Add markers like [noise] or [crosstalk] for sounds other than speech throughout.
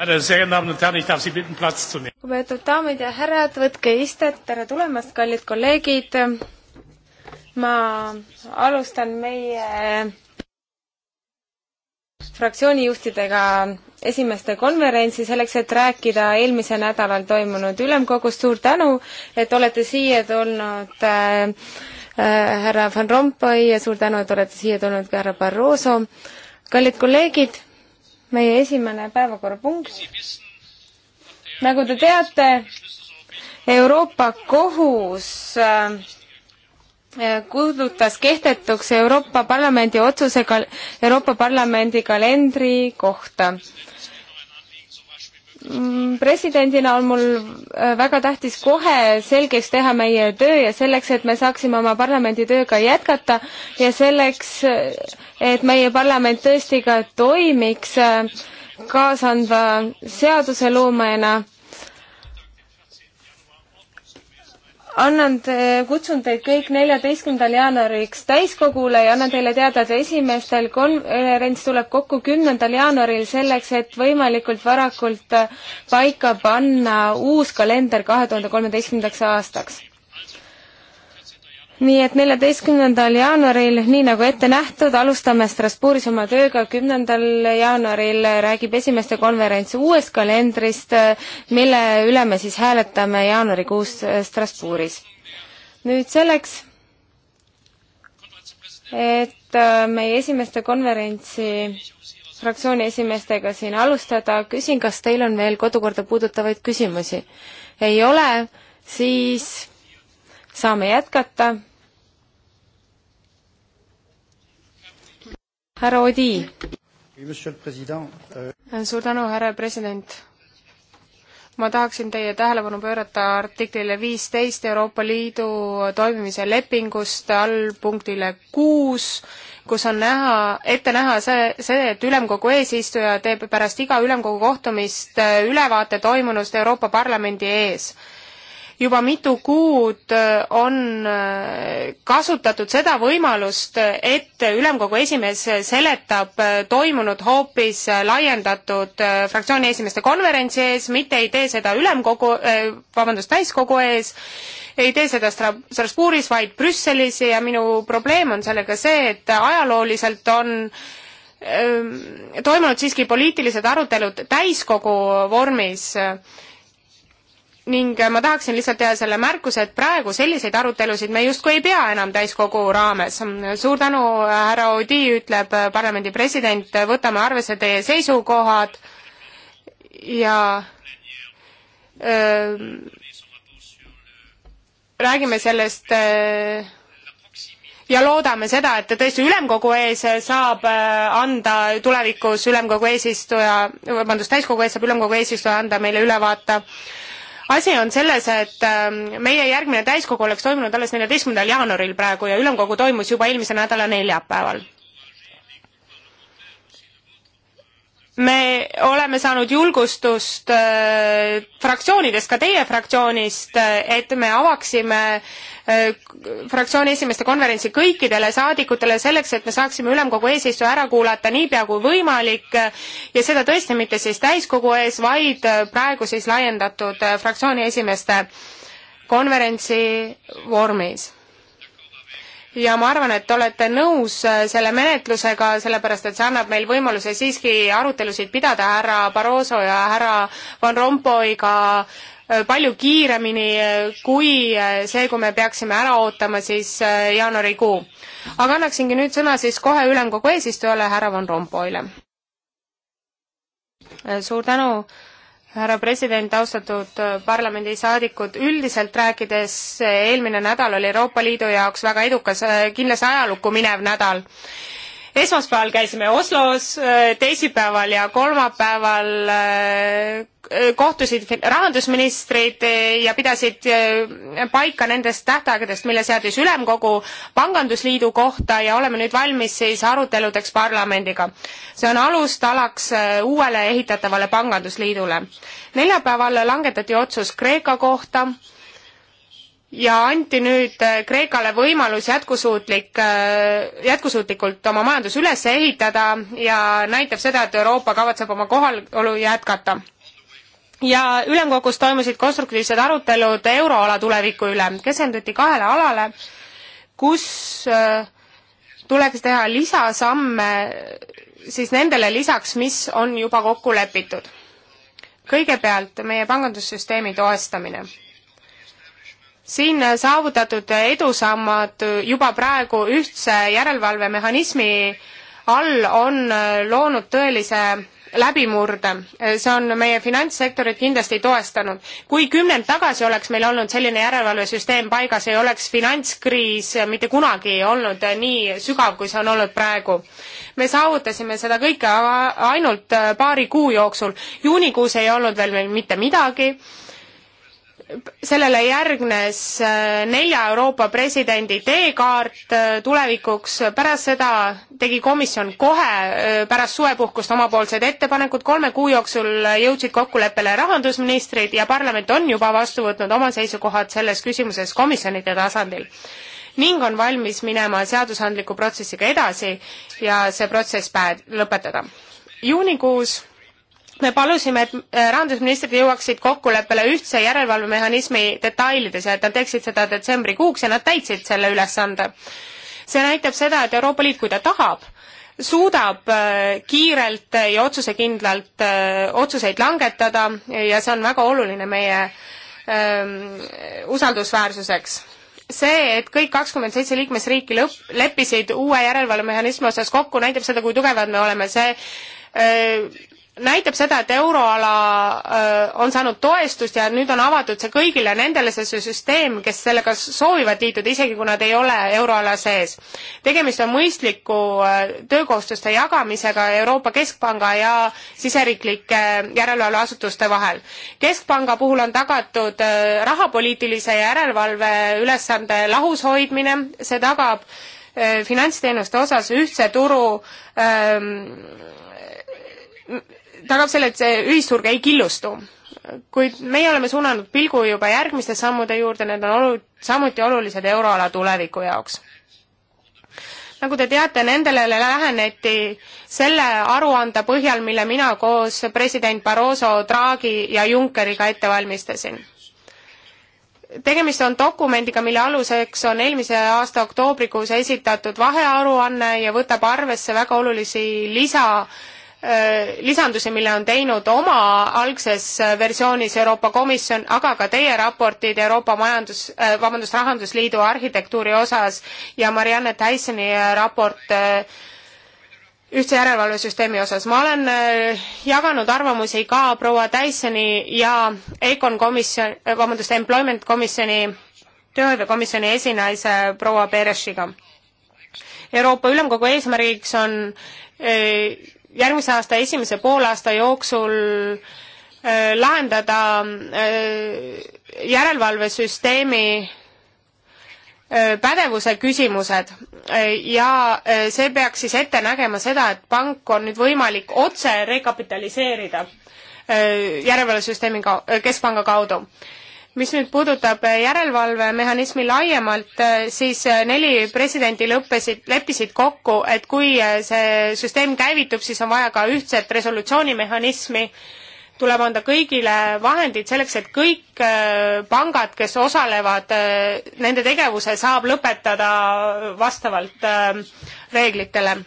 lugupeetud daamid ja härrad, võtke istet, tere tulemast, kallid kolleegid. ma alustan meie fraktsioonijuhtidega esimeste konverentsi selleks, et rääkida eelmisel nädalal toimunud ülemkogust. suur tänu, et olete siia tulnud äh, härra Van Rompuy ja suur tänu, et olete siia tulnud ka härra Barroso. kallid kolleegid meie esimene päevakorrapunkt. nagu te teate, Euroopa Kohus äh, kuulutas kehtetuks Euroopa Parlamendi otsusega Euroopa Parlamendi kalendri kohta. Mm, presidendina on mul äh, väga tähtis kohe selgeks teha meie töö ja selleks, et me saaksime oma parlamendi tööga jätkata ja selleks, et meie parlament tõesti ka toimiks äh, kaasandva seaduseloomajana annan, kutsun teid kõik neljateistkümnendal jaanuariks täiskogule ja annan teile teada, et esimestel konverents tuleb kokku kümnendal jaanuaril selleks, et võimalikult varakult paika panna uus kalender kahe tuhande kolmeteistkümnendaks aastaks nii et neljateistkümnendal jaanuaril, nii nagu ette nähtud, alustame Strasbourgis oma tööga, kümnendal jaanuaril räägib esimeste konverents uuest kalendrist, mille üle me siis hääletame jaanuarikuus Strasbourgis. nüüd selleks, et äh, meie esimeste konverentsi fraktsiooni esimeestega siin alustada, küsin, kas teil on veel kodukorda puudutavaid küsimusi? ei ole, siis saame jätkata härra Odi. Euh, äh, suur tänu, härra president ma tahaksin teie tähelepanu pöörata artiklile viisteist Euroopa Liidu toimimise lepingust all punktile kuus, kus on näha, ette näha see, see, et ülemkogu eesistuja teeb pärast iga ülemkogu kohtumist äh, ülevaate toimunust Euroopa Parlamendi ees juba mitu kuud äh, on äh, kasutatud seda võimalust, et ülemkogu esimees seletab äh, toimunut hoopis laiendatud fraktsiooni esimeeste konverentsi ees, mitte ei tee seda ülemkogu, vabandust, täiskogu ees, ei tee seda Strasbourgis, vaid Brüsselis ja minu probleem on sellega see, et ajalooliselt on ähm, toimunud siiski poliitilised arutelud täiskogu vormis ning ma tahaksin lihtsalt teha selle märkuse, et praegu selliseid arutelusid me justkui ei pea enam täiskogu raames. suur tänu, härra Oudi, ütleb parlamendi president, võtame arvesse teie seisukohad ja öö, ähm, räägime sellest öö, äh, ja loodame seda, et tõesti ülemkogu ees saab äh, anda tulevikus ülemkogu eesistuja, vabandust, täiskogu ees saab ülemkogu eesistuja anda meile ülevaate äh, asi on selles, et ähm, meie järgmine täiskogu oleks toimunud alles neljateistkümnendal jaanuaril praegu ja ülemkogu toimus juba eelmise nädala neljapäeval me oleme saanud julgustust äh, fraktsioonidest, ka teie fraktsioonist, äh, et me avaksime äh, fraktsiooni esimeeste konverentsi kõikidele saadikutele selleks, et me saaksime ülemkogu eesistuja ära kuulata niipea kui võimalik äh, ja seda tõesti mitte siis täiskogu ees, vaid äh, praegu siis laiendatud äh, fraktsiooni esimeeste konverentsi vormis ja ma arvan, et olete nõus äh, selle menetlusega, sellepärast et see annab meil võimaluse siiski arutelusid pidada härra Barroso ja härra Van Rompuyga äh, palju kiiremini äh, kui see, kui me peaksime ära ootama siis jaanuarikuu. aga annaksingi nüüd sõna siis kohe ülemkogu eesistujale, härra Van Rompuyle. suur tänu härra president, austatud äh, parlamendisaadikud, üldiselt rääkides eelmine nädal oli Euroopa Liidu jaoks väga edukas, äh, kindlasti ajalukku minev nädal esmaspäeval käisime Oslos, äh, teisipäeval ja kolmapäeval äh, kohtusid rahandusministrid äh, ja pidasid paika nendest tähtaegadest, mille seadis Ülemkogu Pangandusliidu kohta ja oleme nüüd valmis siis aruteludeks parlamendiga. see on alustalaks uuele ehitatavale pangandusliidule. neljapäeval langetati otsus Kreeka kohta ja anti nüüd äh, Kreekale võimalus jätkusuutlik, äh, jätkusuutlikult oma majandus üles ehitada ja näitab seda, et Euroopa kavatseb oma kohalolu jätkata. ja ülemkogus toimusid konstruktiivsed arutelud euroala tuleviku üle, keskenduti kahele alale, kus äh, tuleks teha lisasamme siis nendele lisaks, mis on juba kokku lepitud. kõigepealt meie pangandussüsteemi toestamine siin saavutatud edusammad juba praegu ühtse järelevalvemehhanismi all on loonud tõelise läbimurde, see on meie finantssektorit kindlasti toestanud. kui kümnend tagasi oleks meil olnud selline järelevalvesüsteem paigas, ei oleks finantskriis mitte kunagi olnud nii sügav, kui see on olnud praegu. me saavutasime seda kõike ainult paari kuu jooksul, juunikuus ei olnud veel meil mitte midagi sellele järgnes äh, nelja Euroopa presidendi teekaart äh, tulevikuks, pärast seda tegi komisjon kohe äh, pärast suvepuhkust omapoolsed ettepanekud, kolme kuu jooksul jõudsid kokkuleppele rahandusministrid ja parlament on juba vastu võtnud oma seisukohad selles küsimuses komisjonide tasandil. ning on valmis minema seadusandliku protsessiga edasi ja see protsess päev lõpetada. juunikuus me palusime, et äh, rahandusministrid jõuaksid kokkuleppele ühtse järelevalvemehhanismi detailides ja et nad teeksid seda detsembrikuuks ja nad täitsid selle ülesande. see näitab seda, et Euroopa Liit, kui ta tahab, suudab äh, kiirelt ja otsusekindlalt äh, otsuseid langetada ja see on väga oluline meie öö, ähm, usaldusväärsuseks see, et kõik kakskümmend seitse liikmesriiki lõpp, leppisid uue järelevalvemehhanismi osas kokku, näitab seda, kui tugevad me oleme, see öö, näitab seda, et euroala on saanud toestust ja nüüd on avatud see kõigile nendele, see süsteem, kes sellega soovivad liituda, isegi kui nad ei ole euroala sees. tegemist on mõistliku töökohustuste jagamisega Euroopa Keskpanga ja siseriiklike järelevalveasutuste vahel. keskpanga puhul on tagatud rahapoliitilise järelevalve ülesande lahus hoidmine, see tagab finantsteenuste osas ühtse turu öö, ähm, tagab selle, et see ühisturg ei killustu. kuid meie oleme suunanud pilgu juba järgmiste sammude juurde, need on olu-, samuti olulised euroala tuleviku jaoks nagu te teate, nendele läheneti selle aruande põhjal, mille mina koos president Barroso, Draghi ja Junckeriga ette valmistasin. tegemist on dokumendiga, mille aluseks on eelmise aasta oktoobrikuus esitatud vahearuanne ja võtab arvesse väga olulisi lisa Äh, lisandusi, mille on teinud oma algses versioonis Euroopa Komisjon, aga ka teie raportid Euroopa Majandus, äh, vabandust, Rahandusliidu arhitektuuri osas ja Marianne Tysoni äh, raport ühtse järelevalvesüsteemi osas. ma olen jaganud arvamusi ka proua Tysoni ja Econ komisjon, vabandust, Employment komisjoni, tööhõivekomisjoni esinaise proua Perešiga. Euroopa Ülemkogu eesmärgiks on järgmise aasta esimese poolaasta jooksul äh, lahendada äh, järelevalvesüsteemi äh, pädevuse küsimused ja see peaks siis ette nägema seda, et pank on nüüd võimalik otse rekapitaliseerida järelevalvesüsteemi ka-, keskpanga kaudu mis nüüd puudutab äh, järelevalvemehhanismi laiemalt, äh, siis äh, neli presidenti lõppesid, leppisid kokku, et kui see süsteem käivitub, siis on vaja ka ühtset resolutsioonimehhanismi, tuleb anda kõigile vahendid selleks, et kõik pangad, kes osalevad, nende tegevuse saab lõpetada vastavalt reeglitele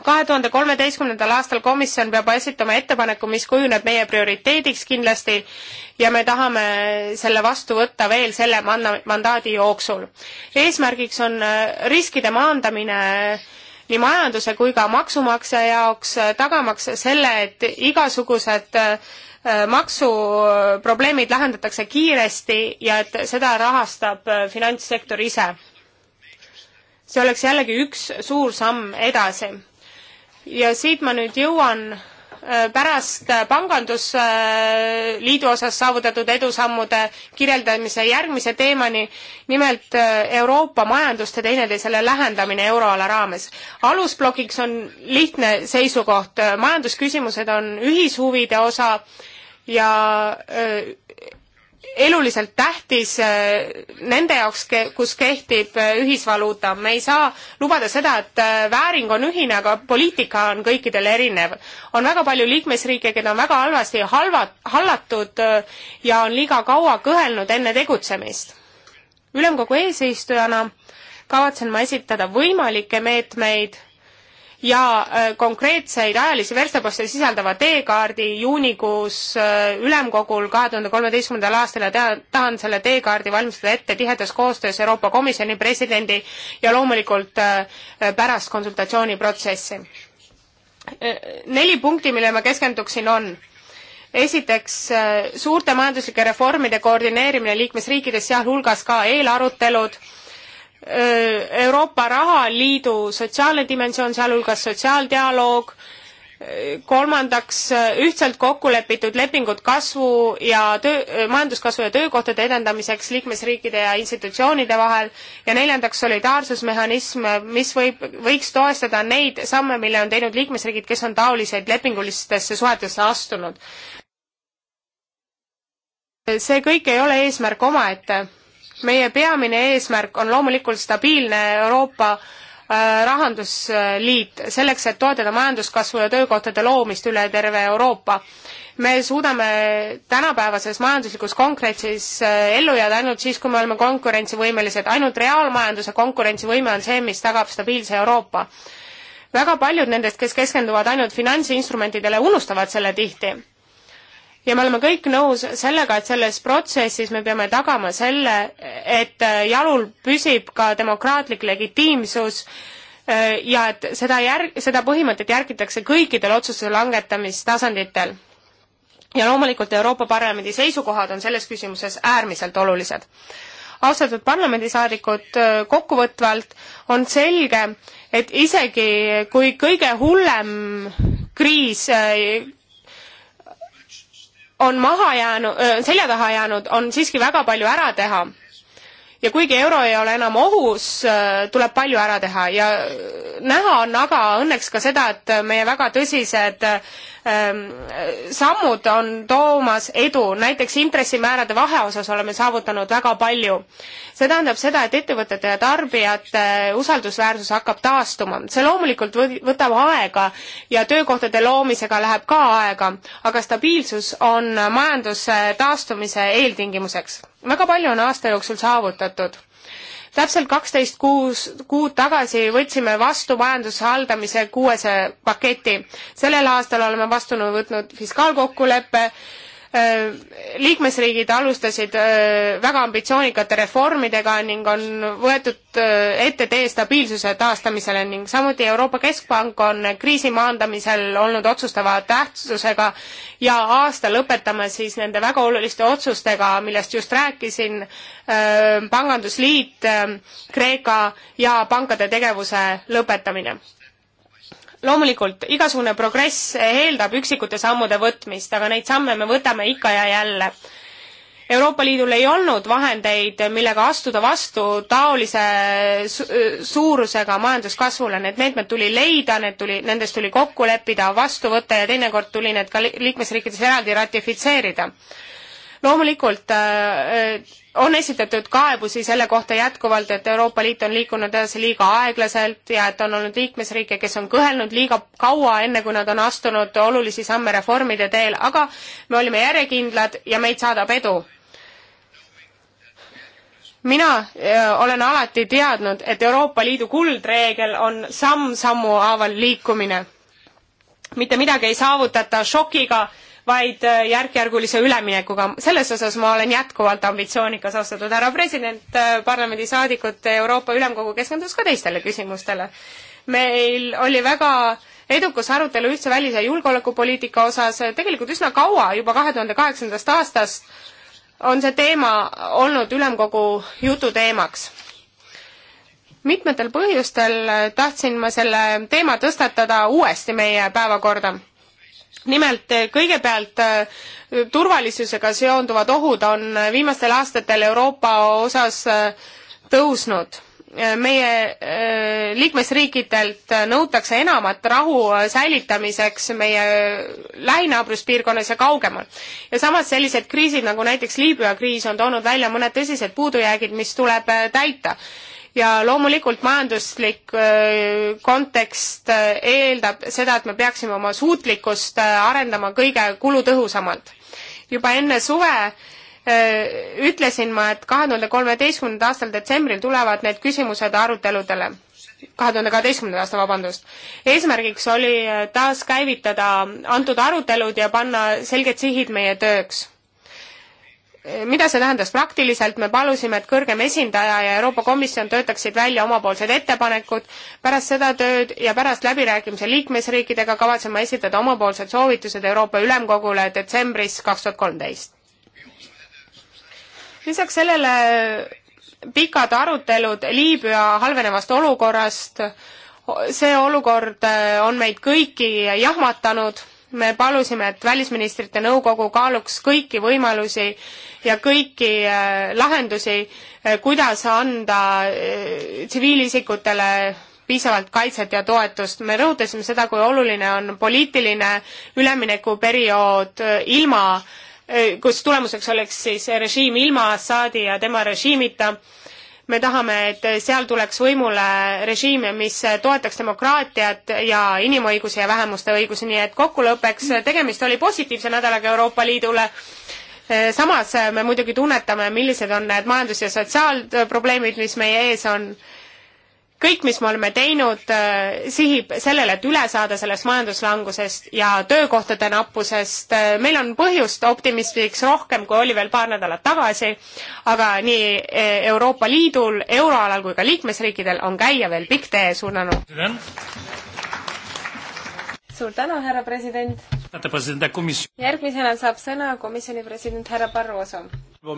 kahe tuhande kolmeteistkümnendal aastal komisjon peab esitama ettepaneku, mis kujuneb meie prioriteediks kindlasti ja me tahame selle vastu võtta veel selle manna-, mandaadi jooksul. eesmärgiks on äh, riskide maandamine äh, nii majanduse kui ka maksumaksja jaoks, äh, tagamaks selle, et igasugused maksuprobleemid lahendatakse kiiresti ja et seda rahastab finantssektor ise. see oleks jällegi üks suur samm edasi ja siit ma nüüd jõuan äh, pärast äh, pangandusliidu äh, osas saavutatud edusammude kirjeldamise järgmise teemani, nimelt Euroopa majanduste teineteisele lähendamine euroala raames. alusplokiks on lihtne seisukoht, majandusküsimused on ühishuvide osa ja öö, eluliselt tähtis äh, nende jaoks, kus kehtib äh, ühisvaluuta. me ei saa lubada seda, et äh, vääring on ühine, aga poliitika on kõikidel erinev. on väga palju liikmesriike, keda on väga halvasti halvad, hallatud ja on liiga kaua kõhelnud enne tegutsemist. ülemkogu eesistujana kavatsen ma esitada võimalikke meetmeid ja äh, konkreetseid ajalisi verstaposte sisaldava teekaardi juunikuus äh, ülemkogul kahe tuhande kolmeteistkümnendal aastal ja tea-, tahan selle teekaardi valmistada ette tihedas koostöös Euroopa Komisjoni presidendi ja loomulikult äh, pärast konsultatsiooniprotsessi. Neli punkti, millele ma keskenduksin, on esiteks suurte majanduslike reformide koordineerimine liikmesriikides, sealhulgas ka eelarutelud, Äh, Euroopa Rahaliidu sotsiaalne dimensioon, sealhulgas sotsiaaldialoog, äh, kolmandaks äh, ühtselt kokku lepitud lepingud kasvu ja töö, majanduskasvu ja töökohtade edendamiseks liikmesriikide ja institutsioonide vahel ja neljandaks solidaarsusmehhanism, mis võib, võiks toestada neid samme, mille on teinud liikmesriigid, kes on taoliseid lepingulistesse suhetesse astunud. see kõik ei ole eesmärk omaette meie peamine eesmärk on loomulikult stabiilne Euroopa äh, rahandusliit selleks, et toetada majanduskasvu ja töökohtade loomist üle terve Euroopa. me suudame tänapäevases majanduslikus konkurentsis äh, ellu jääda ainult siis, kui me oleme konkurentsivõimelised, ainult reaalmajanduse konkurentsivõime on see, mis tagab stabiilse Euroopa. väga paljud nendest, kes keskenduvad ainult finantsinstrumentidele, unustavad selle tihti ja me oleme kõik nõus sellega, et selles protsessis me peame tagama selle, et äh, jalul püsib ka demokraatlik legitiimsus äh, ja et seda järg-, seda põhimõtet järgitakse kõikidel otsuse langetamistasanditel. ja loomulikult Euroopa Parlamendi seisukohad on selles küsimuses äärmiselt olulised austatud parlamendisaadikud, äh, kokkuvõtvalt on selge, et isegi kui kõige hullem kriis on maha jäänud, selja taha jäänud, on siiski väga palju ära teha. ja kuigi euro ei ole enam ohus, tuleb palju ära teha ja näha on aga õnneks ka seda, et meie väga tõsised Ehm, sammud on toomas edu, näiteks intressimäärade vaheosas oleme saavutanud väga palju. see tähendab seda, et ettevõtete ja tarbijate usaldusväärsus hakkab taastuma. see loomulikult võtab aega ja töökohtade loomisega läheb ka aega, aga stabiilsus on majanduse taastumise eeltingimuseks. väga palju on aasta jooksul saavutatud täpselt kaksteist kuus, kuud tagasi võtsime vastu majanduse haldamise kuuese paketi. sellel aastal oleme vastu võtnud fiskaalkokkuleppe, liikmesriigid alustasid äh, väga ambitsioonikate reformidega ning on võetud äh, ette tee stabiilsuse taastamisele ning samuti Euroopa Keskpank on kriisi maandamisel olnud otsustava tähtsusega ja aasta lõpetame siis nende väga oluliste otsustega, millest just rääkisin, äh, pangandusliit, Kreeka ja pankade tegevuse lõpetamine loomulikult igasugune progress eeldab üksikute sammude võtmist, aga neid samme me võtame ikka ja jälle. Euroopa Liidul ei olnud vahendeid, millega astuda vastu taolise su suurusega majanduskasvule, need meetmed tuli leida, need tuli, nendes tuli kokku leppida, vastu võtta ja teinekord tuli need ka liikmesriikides eraldi ratifitseerida loomulikult äh, äh, on esitatud kaebusi selle kohta jätkuvalt, et Euroopa Liit on liikunud edasi liiga aeglaselt ja et on olnud liikmesriike, kes on kõhelnud liiga kaua, enne kui nad on astunud olulisi samme reformide teel, aga me olime järjekindlad ja meid saadab edu mina äh, olen alati teadnud, et Euroopa Liidu kuldreegel on samm-sammu haaval liikumine. mitte midagi ei saavutata šokiga vaid äh, järk-järgulise üleminekuga. selles osas ma olen jätkuvalt ambitsioonikas, austatud härra president, äh, parlamendisaadikud, Euroopa Ülemkogu keskendus ka teistele küsimustele. meil oli väga edukas arutelu ühtse välis- ja julgeolekupoliitika osas tegelikult üsna kaua, juba kahe tuhande kaheksandast aastast on see teema olnud ülemkogu jututeemaks mitmetel põhjustel tahtsin ma selle teema tõstatada uuesti meie päevakorda nimelt eh, kõigepealt eh, turvalisusega seonduvad ohud on eh, viimastel aastatel Euroopa osas tõusnud. meie liikmesriikidelt nõutakse enamat rahu säilitamiseks meie lähinaabruspiirkonnas ja kaugemal. ja samas sellised kriisid nagu näiteks Liibüa kriis on toonud välja mõned tõsised puudujäägid, mis tuleb täita ja loomulikult majanduslik äh, kontekst äh, eeldab seda, et me peaksime oma suutlikkust äh, arendama kõige kulutõhusamalt. juba enne suve ütlesin ma, et kahe tuhande kolmeteistkümnenda aastal detsembril tulevad need küsimused aruteludele kahe tuhande kaheteistkümnenda aasta, vabandust. eesmärgiks oli taaskäivitada antud arutelud ja panna selged sihid meie tööks mida see tähendas praktiliselt, me palusime, et kõrgem esindaja ja Euroopa Komisjon töötaksid välja omapoolsed ettepanekud, pärast seda tööd ja pärast läbirääkimise liikmesriikidega kavatseme esitada omapoolsed soovitused Euroopa Ülemkogule detsembris kaks tuhat kolmteist. lisaks sellele pikad arutelud Liibüa halvenevast olukorrast, see olukord äh, on meid kõiki jahmatanud me palusime, et Välisministrite Nõukogu kaaluks kõiki võimalusi ja kõiki äh, lahendusi, äh, kuidas anda äh, tsiviilisikutele piisavalt kaitset ja toetust. me rõhutasime seda, kui oluline on poliitiline üleminekuperiood ilma, kus tulemuseks oleks siis režiim ilma Assaadi ja tema režiimita me tahame, et seal tuleks võimule režiim, mis toetaks demokraatiat ja inimõigusi ja vähemuste õigusi, nii et kokkulõppeks tegemist oli positiivse nädalaga Euroopa Liidule. samas me muidugi tunnetame, millised on need majandus- ja sotsiaalprobleemid, mis meie ees on kõik, mis me oleme teinud, äh, sihib sellele, et üle saada sellest majanduslangusest ja töökohtade nappusest. Äh, meil on põhjust optimismiks rohkem, kui oli veel paar nädalat tagasi, aga nii äh, Euroopa Liidul, euroalal kui ka liikmesriikidel on käia veel pikk tee, suur tänu! suur tänu, härra president! järgmisena saab sõna komisjoni president härra Barroso Uh,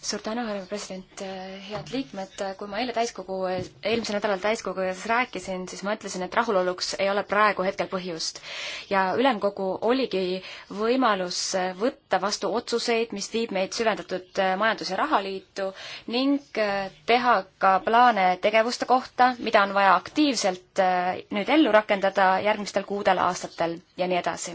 suur tänu, härra president, äh, head liikmed, äh, kui ma eile täiskogu, äh, eelmisel nädalal täiskogu ees rääkisin, siis ma ütlesin, et rahuloluks ei ole praegu hetkel põhjust. ja ülemkogu oligi võimalus võtta vastu otsuseid, mis viib meid süvendatud majandus- ja rahaliitu ning teha ka plaane tegevuste kohta, mida on vaja aktiivselt nüüd ellu rakendada järgmistel kuudel, aastatel ja nii edasi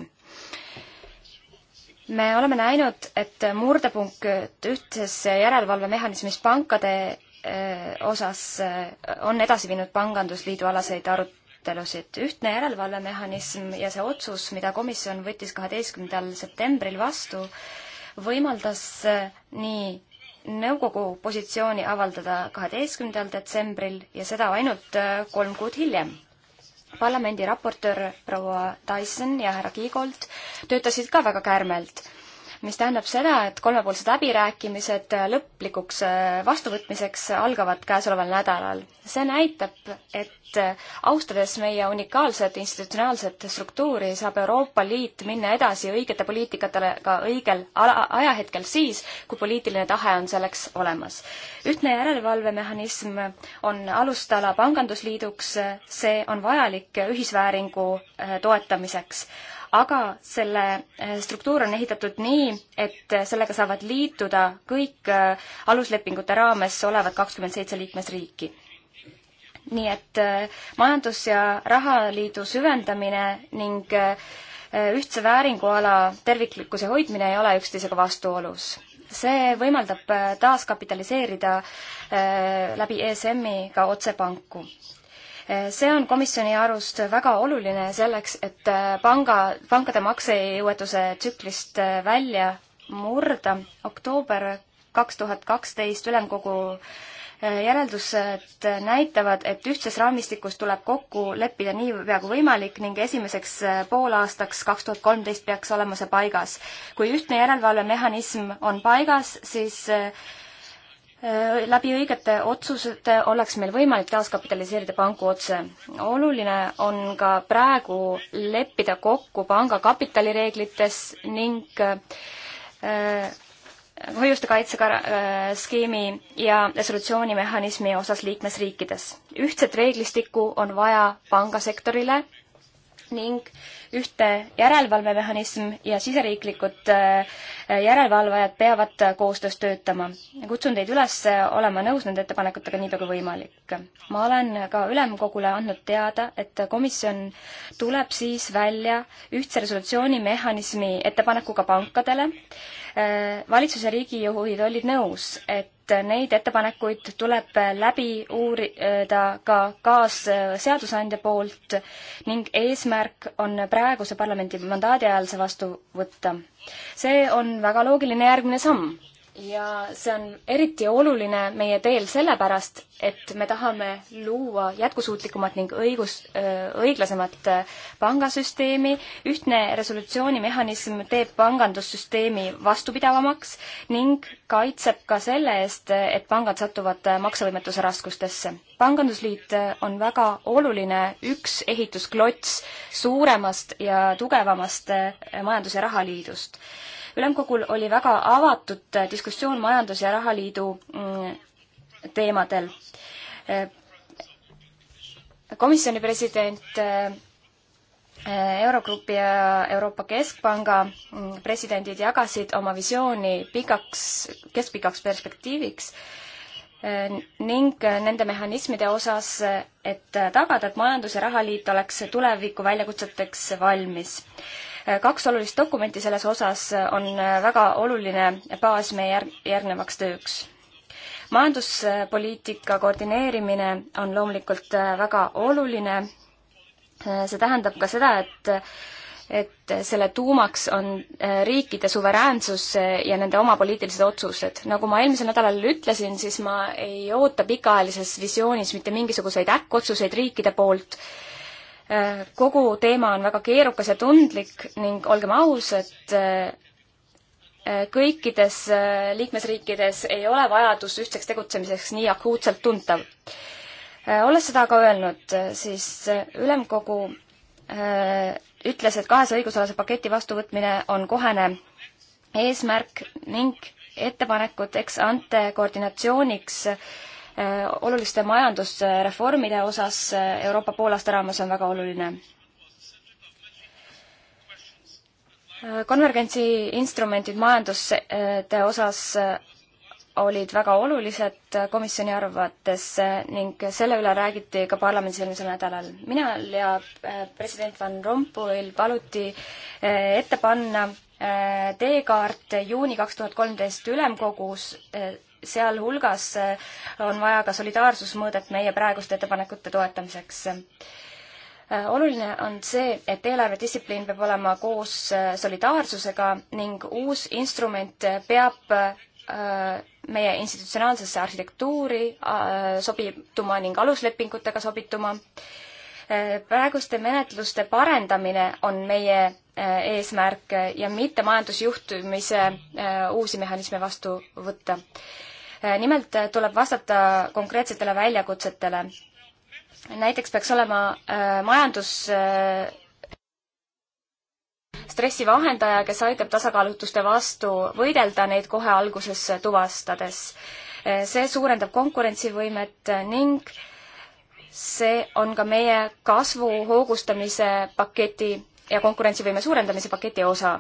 me oleme näinud, et murdepunkt ühtses järelevalvemehhanismis pankade äh, osas äh, on edasi viinud pangandusliidu alaseid arutelusid. ühtne järelevalvemehhanism ja see otsus, mida komisjon võttis kaheteistkümnendal septembril vastu, võimaldas äh, nii nõukogu positsiooni avaldada kaheteistkümnendal detsembril ja seda ainult kolm kuud hiljem parlamendi raportöör proua Tyson ja härra Kiigold töötasid ka väga kärmelt mis tähendab seda, et kolmepoolsed läbirääkimised lõplikuks äh, vastuvõtmiseks algavad käesoleval nädalal. see näitab, et äh, austades meie unikaalset institutsionaalset struktuuri, saab Euroopa Liit minna edasi õigete poliitikatele ka õigel ajahetkel siis, kui poliitiline tahe on selleks olemas. ühtne järelevalvemehhanism on alustala pangandusliiduks, see on vajalik ühisvääringu äh, toetamiseks aga selle eh, struktuur on ehitatud nii, et sellega saavad liituda kõik eh, aluslepingute raames olevad kakskümmend seitse liikmesriiki. nii et eh, Majandus- ja Rahaliidu süvendamine ning ühtse vääringuala terviklikkuse hoidmine ei ole üksteisega vastuolus see võimaldab taaskapitaliseerida läbi ESM-i ka otsepanku see on komisjoni arust väga oluline selleks, et äh, panga, pankade maksejõuetuse tsüklist äh, välja murda. oktoober kaks tuhat kaksteist ülemkogu äh, järeldused näitavad, et ühtses raamistikus tuleb kokku leppida niipea kui võimalik ning esimeseks poolaastaks kaks tuhat kolmteist peaks olema see paigas. kui ühtne järelevalvemehhanism on paigas, siis Äh, läbi õigete otsusete oleks meil võimalik taaskapitaliseerida panku otse. oluline on ka praegu leppida kokku panga kapitalireeglites ning äh, hoiuste kaitsega äh, skeemi ja resolutsioonimehhanismi osas liikmesriikides. ühtset reeglistikku on vaja pangasektorile ning ühte järelevalvemehhanism ja siseriiklikud äh, järelevalvajad peavad koostöös töötama. kutsun teid üles äh, olema nõus nende ettepanekutega niipea kui võimalik. ma olen ka ülemkogule andnud teada, et komisjon tuleb siis välja ühtse resolutsioonimehhanismi ettepanekuga pankadele. Äh, valitsus ja riigijuhid olid nõus, et et neid ettepanekuid tuleb läbi uurida ka kaasseadusandja poolt ning eesmärk on praeguse parlamendi mandaadi ajal see vastu võtta. see on väga loogiline järgmine samm ja see on eriti oluline meie teel sellepärast, et me tahame luua jätkusuutlikumat ning õigus, õiglasemat pangasüsteemi. ühtne resolutsioonimehhanism teeb pangandussüsteemi vastupidavamaks ning kaitseb ka selle eest, et pangad satuvad maksevõimetuse raskustesse. pangandusliit on väga oluline üks ehitusklots suuremast ja tugevamast majandus- ja rahaliidust ülemkogul oli väga avatud diskussioon Majandus- ja Rahaliidu mm, teemadel. komisjoni president eh, Eurogrupi ja Euroopa Keskpanga mm, presidendid jagasid oma visiooni pikaks, keskpikaks perspektiiviks eh, ning nende mehhanismide osas, et tagada, et majandus- ja rahaliit oleks tuleviku väljakutseteks valmis kaks olulist dokumenti selles osas äh, on äh, väga oluline baas meie järg-, järgnevaks tööks majanduspoliitika koordineerimine on loomulikult äh, väga oluline. see tähendab ka seda, et, et selle tuumaks on riikide suveräänsus ja nende oma poliitilised otsused. nagu ma eelmisel nädalal ütlesin, siis ma ei oota pikaajalises visioonis mitte mingisuguseid äkkotsuseid riikide poolt kogu teema on väga keerukas ja tundlik ning olgem ausad, kõikides äh, liikmesriikides ei ole vajadus ühtseks tegutsemiseks nii akuutselt tuntav. Äh, olles seda ka öelnud, äh, siis ülemkogu ütles, et kahese õigusalase paketi vastuvõtmine on kohene eesmärk ning ettepanekud eks ante koordinatsiooniks äh, Äh, oluliste majandusreformide osas äh, Euroopa poolaasta raames on väga oluline. Äh, konvergentsi instrumendid majanduste osas olid väga olulised komisjoni arvates ning selle üle räägiti ka parlamendis eelmisel nädalal. minal ja president Van Rompuil paluti ette panna teekaart juuni kaks tuhat kolmteist ülemkogus sealhulgas eh, on vaja ka solidaarsusmõõdet meie praeguste ettepanekute toetamiseks. Eh, oluline on see, et eelarvedistsipliin peab olema koos eh, solidaarsusega ning uus instrument peab meie institutsionaalsesse arhitektuuri sobituma ning aluslepingutega sobituma. praeguste menetluste parendamine on meie eesmärk ja mitte majandusjuhtimise uusi mehhanisme vastu võtta. Äh, nimelt äh, tuleb vastata konkreetsetele väljakutsetele. näiteks peaks olema äh, majandus stressi vahendaja, kes aitab tasakaalutuste vastu võidelda neid kohe alguses tuvastades. see suurendab konkurentsivõimet ning see on ka meie kasvu hoogustamise paketi ja konkurentsivõime suurendamise paketi osa.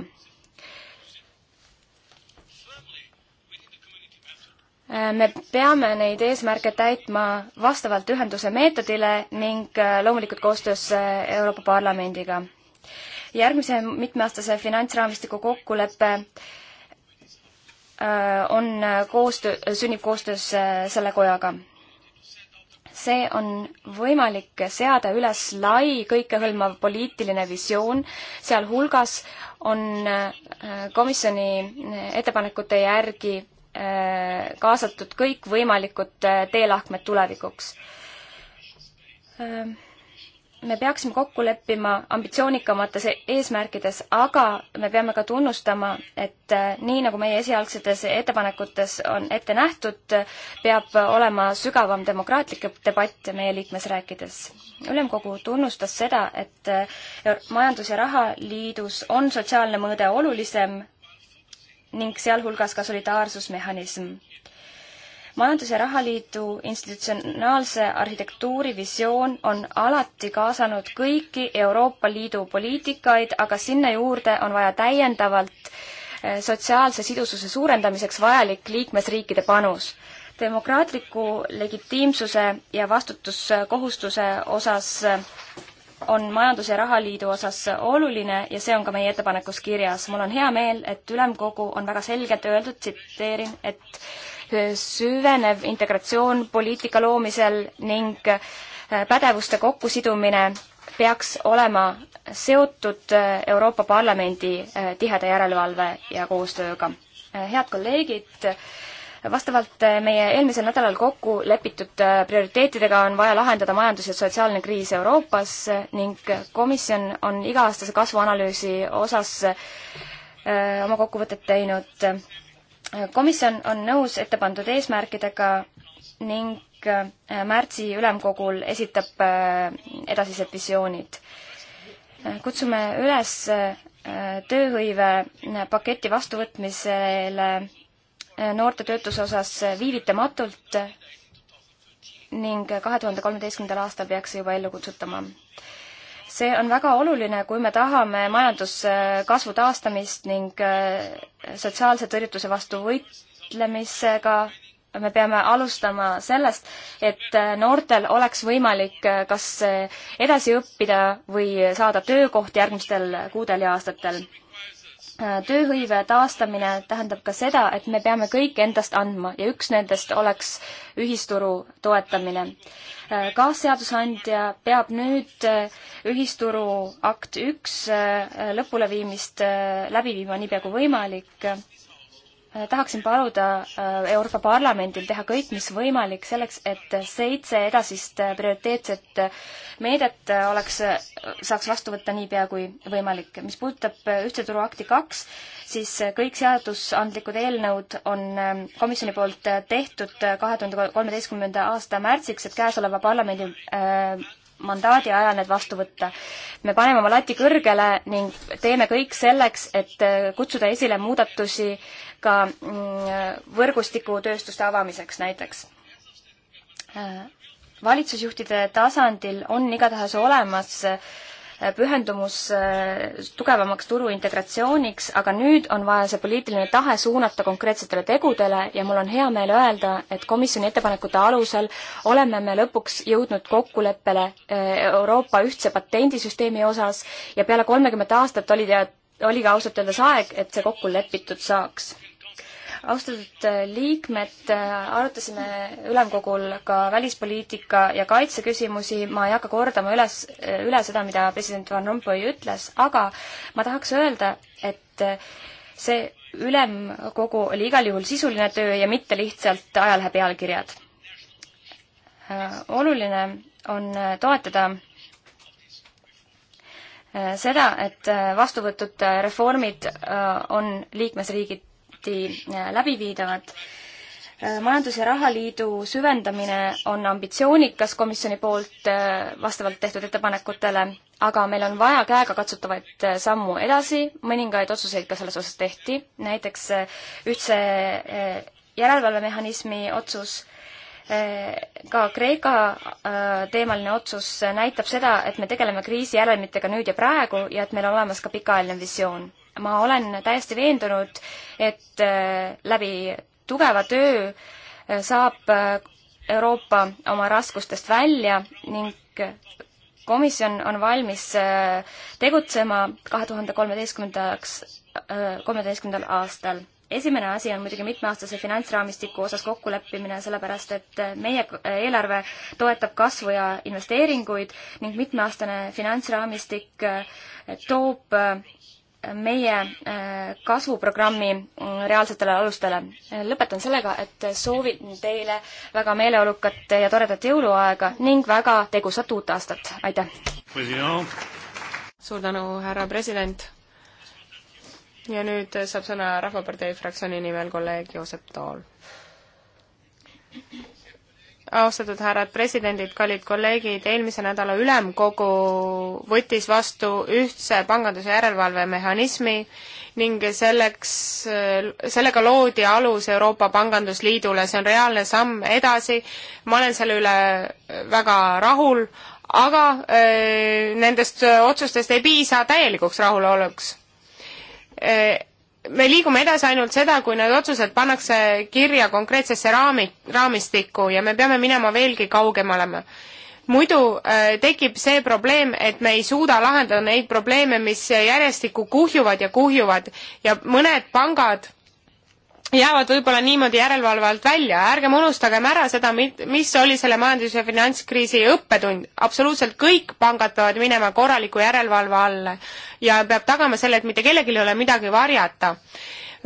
Äh, me peame neid eesmärke täitma vastavalt ühenduse meetodile ning äh, loomulikult koostöös äh, Euroopa Parlamendiga. järgmise mitmeaastase finantsraamistiku kokkulepe on koostöö, sünnib koostöös selle kojaga. see on võimalik seada üles lai kõikehõlmav poliitiline visioon, sealhulgas on komisjoni ettepanekute järgi Äh, kaasatud kõikvõimalikud äh, teelahkmed tulevikuks. Äh, me peaksime kokku leppima ambitsioonikamates eesmärkides, aga me peame ka tunnustama, et nii, nagu meie esialgsetes ettepanekutes on ette nähtud, peab olema sügavam demokraatlik debatt meie liikmes rääkides. ülemkogu tunnustas seda, et Majandus- ja Rahaliidus on sotsiaalne mõõde olulisem ning sealhulgas ka solidaarsusmehhanism. majandus- ja rahaliidu institutsionaalse arhitektuuri visioon on alati kaasanud kõiki Euroopa Liidu poliitikaid, aga sinna juurde on vaja täiendavalt eh, sotsiaalse sidususe suurendamiseks vajalik liikmesriikide panus demokraatliku legitiimsuse ja vastutuskohustuse osas eh, on Majandus- ja Rahaliidu osas oluline ja see on ka meie ettepanekus kirjas. mul on hea meel, et ülemkogu on väga selgelt öeldud, tsiteerin, et süvenev integratsioon poliitika loomisel ning pädevuste kokkusidumine peaks olema seotud Euroopa Parlamendi tiheda järelevalve ja koostööga. head kolleegid, vastavalt eh, meie eelmisel nädalal kokku lepitud eh, prioriteetidega on vaja lahendada majandus- ja sotsiaalne kriis Euroopas eh, ning komisjon on iga-aastase kasvuanalüüsi osas oma kokkuvõtted teinud. komisjon on nõus ette pandud eesmärkidega ning märtsi ülemkogul esitab edasised visioonid. kutsume üles tööhõive paketi vastuvõtmisele noorte töötuse osas viivitamatult ning kahe tuhande kolmeteistkümnendal aastal peaks see juba ellu kutsutama. see on väga oluline, kui me tahame majanduskasvu taastamist ning äh, sotsiaalse tõrjutuse vastu võitlemisega me peame alustama sellest, et äh, noortel oleks võimalik äh, kas edasi õppida või saada töökoht järgmistel kuudel ja aastatel Äh, tööhõive taastamine tähendab ka seda, et me peame kõik endast andma ja üks nendest oleks ühisturu toetamine. Äh, ka seadusandja peab nüüd äh, ühisturu akt üks lõpuleviimist läbi viima niipea kui võimalik tahaksin paluda äh, Euroopa Parlamendil teha kõik, mis võimalik selleks, et seitse edasist äh, prioriteetset äh, meedet oleks, saaks vastu võtta niipea kui võimalik. mis puudutab Ühtse turu akti kaks, siis kõik seadusandlikud eelnõud on komisjoni poolt tehtud kahe tuhande kolmeteistkümnenda aasta märtsiks, et käesoleva parlamendi mandaadi ajal need vastu võtta. me paneme oma lati kõrgele ning teeme kõik selleks, et äh, kutsuda esile muudatusi ka mm, võrgustikutööstuste avamiseks näiteks. Äh, valitsusjuhtide tasandil on igatahes olemas äh, pühendumus äh, tugevamaks turu integratsiooniks, aga nüüd on vaja see poliitiline tahe suunata konkreetsetele tegudele ja mul on hea meel öelda, et komisjoni ettepanekute alusel oleme me lõpuks jõudnud kokkuleppele äh, Euroopa ühtse patendisüsteemi osas ja peale kolmekümmet aastat oli, oli ka ausalt öeldes aeg, et see kokku lepitud saaks austatud äh, liikmed, äh, arutasime ülemkogul ka välispoliitika ja kaitseküsimusi, ma ei hakka kordama üles, äh, üle seda, mida president Van Rompuy ütles, aga ma tahaks öelda, et see ülemkogu oli igal juhul sisuline töö ja mitte lihtsalt ajalehe pealkirjad. oluline on toetada seda, et vastu võetud reformid on liikmesriigid projekti äh, läbiviidavad. Äh, majandus- ja Rahaliidu süvendamine on ambitsioonikas komisjoni poolt äh, vastavalt tehtud ettepanekutele, aga meil on vaja käegakatsutavaid sammu edasi, mõningaid otsuseid ka selles osas tehti, näiteks ühtse järelevalvemehhanismi otsus ka Kreeka teemaline otsus näitab seda, et me tegeleme kriisi järelmitega nüüd ja praegu ja et meil on olemas ka pikaajaline visioon ma olen täiesti veendunud, et äh, läbi tugeva töö äh, saab äh, Euroopa oma raskustest välja ning komisjon on valmis tegutsema kahe tuhande kolmeteistkümnendaks, kolmeteistkümnendal aastal. esimene asi on muidugi mitmeaastase finantsraamistiku osas kokkuleppimine, sellepärast et meie eelarve toetab kasvu ja investeeringuid ning mitmeaastane finantsraamistik toob meie äh, kasvuprogrammi mm, reaalsetele alustele. lõpetan sellega, et soovin teile väga meeleolukat ja toredat jõuluaega ning väga tegusat uut aastat, aitäh! suur tänu, härra president! ja nüüd saab sõna Rahvapartei fraktsiooni nimel kolleeg Joosep Tool austatud härrad presidendid, kallid kolleegid, eelmise nädala ülemkogu võttis vastu ühtse panganduse järelevalvemehhanismi ning selleks, sellega loodi alus Euroopa Pangandusliidule, see on reaalne samm edasi, ma olen selle üle väga rahul, aga öö, äh, nendest otsustest ei piisa täielikuks rahuloluks äh, me liigume edasi ainult seda, kui need otsused pannakse kirja konkreetsesse raami, raamistikku ja me peame minema veelgi kaugemale. muidu äh, tekib see probleem, et me ei suuda lahendada neid probleeme, mis järjestikku kuhjuvad ja kuhjuvad ja mõned pangad jäävad võib-olla niimoodi järelevalve alt välja, ärgem unustagem ära seda, mis oli selle majandus- ja finantskriisi õppetund. absoluutselt kõik pangad peavad minema korraliku järelevalve alla ja peab tagama selle, et mitte kellelgi ei ole midagi varjata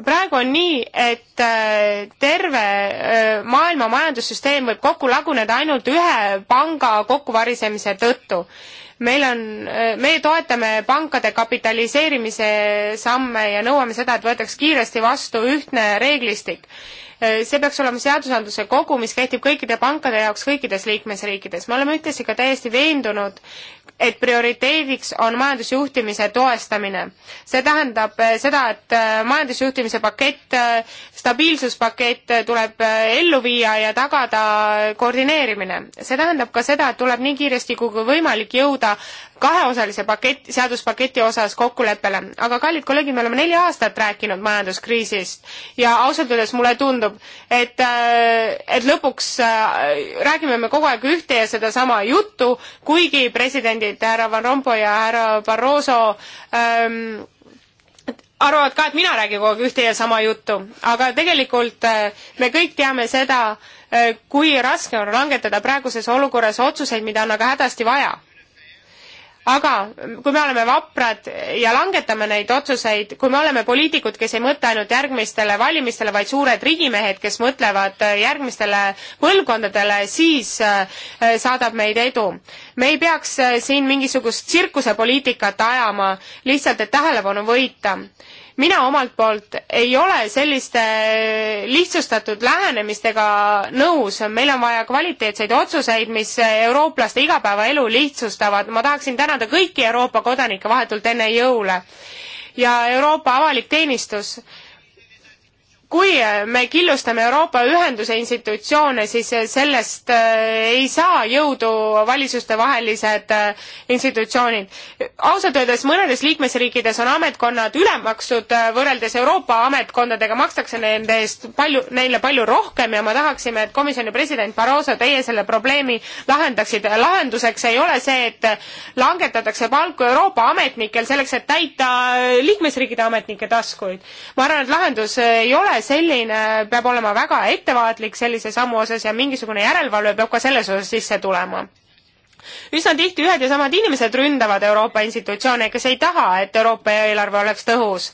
praegu on nii, et äh, terve äh, maailma majandussüsteem võib kokku laguneda ainult ühe panga kokkuvarisemise tõttu meil on, äh, me toetame pankade kapitaliseerimise samme ja nõuame seda, et võetaks kiiresti vastu ühtne reeglistik. Äh, see peaks olema seadusandluse kogu, mis kehtib kõikide pankade jaoks kõikides liikmesriikides. me oleme ühtlasi ka täiesti veendunud, et prioriteediks on majandusjuhtimise toestamine. see tähendab äh, seda, et majandusjuhtimise pakett stabiilsuspakett tuleb äh, ellu viia ja tagada koordineerimine. see tähendab ka seda, et tuleb nii kiiresti kui võimalik jõuda kaheosalise pakett, seaduspaketi osas kokkuleppele. aga kallid kolleegid, me oleme neli aastat rääkinud majanduskriisist ja ausalt öeldes mulle tundub, et, äh, et lõpuks äh, räägime me kogu aeg ühte ja sedasama juttu, kuigi presidendid härra Van Rompuy ja härra Barroso ähm, arvavad ka, et mina räägin kogu aeg ühte ja sama juttu, aga tegelikult äh, me kõik teame seda, äh, kui raske on langetada praeguses olukorras otsuseid, mida on aga hädasti vaja aga kui me oleme vaprad ja langetame neid otsuseid, kui me oleme poliitikud, kes ei mõtle ainult järgmistele valimistele, vaid suured riigimehed, kes mõtlevad äh, järgmistele põlvkondadele, siis äh, saadab meid edu. me ei peaks äh, siin mingisugust tsirkusepoliitikat ajama lihtsalt, et tähelepanu võita mina omalt poolt ei ole selliste lihtsustatud lähenemistega nõus, meil on vaja kvaliteetseid otsuseid, mis eurooplaste igapäevaelu lihtsustavad, ma tahaksin tänada kõiki Euroopa kodanikke vahetult enne jõule ja Euroopa avalik teenistus kui me killustame Euroopa ühenduse institutsioone, siis sellest äh, ei saa jõudu valitsustevahelised äh, institutsioonid. ausalt öeldes mõnedes liikmesriikides on ametkonnad üle makstud äh, võrreldes Euroopa ametkondadega, makstakse nende eest palju, neile palju rohkem ja me tahaksime, et komisjoni president Barroso, teie selle probleemi lahendaksid. lahenduseks ei ole see, et langetatakse palku Euroopa ametnikel selleks, et täita liikmesriikide ametnike taskuid. ma arvan, et lahendus ei ole selline, peab olema väga ettevaatlik sellise sammu osas ja mingisugune järelevalve peab ka selles osas sisse tulema üsna tihti ühed ja samad inimesed ründavad Euroopa institutsioone, kes ei taha, et Euroopa eelarve oleks tõhus.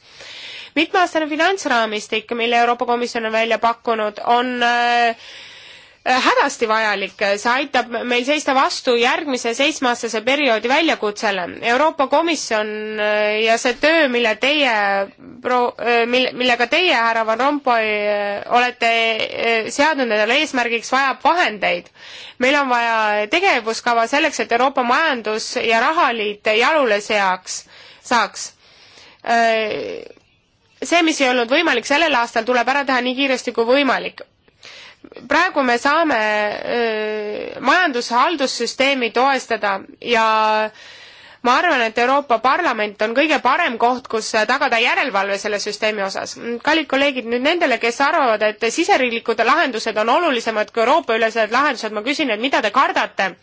mitmeaastane finantsraamistik, mille Euroopa Komisjon on välja pakkunud, on äh, Äh, hädasti vajalik, see aitab meil seista vastu järgmise seitsmeaastase perioodi väljakutsele. Euroopa Komisjon äh, ja see töö, mille teie, äh, mille, millega teie, härra Van Rompuy, olete seadnud endale eesmärgiks, vajab vahendeid. meil on vaja tegevuskava selleks, et Euroopa majandus ja rahaliit jalule seaks, saaks see, mis ei olnud võimalik sellel aastal, tuleb ära teha nii kiiresti kui võimalik praegu me saame majandushaldussüsteemi toestada ja ma arvan, et Euroopa Parlament on kõige parem koht, kus tagada järelevalve selle süsteemi osas. kallid kolleegid, nüüd nendele, kes arvavad, et siseriiklikud lahendused on olulisemad kui Euroopa-ülesed lahendused, ma küsin, et mida te kardate?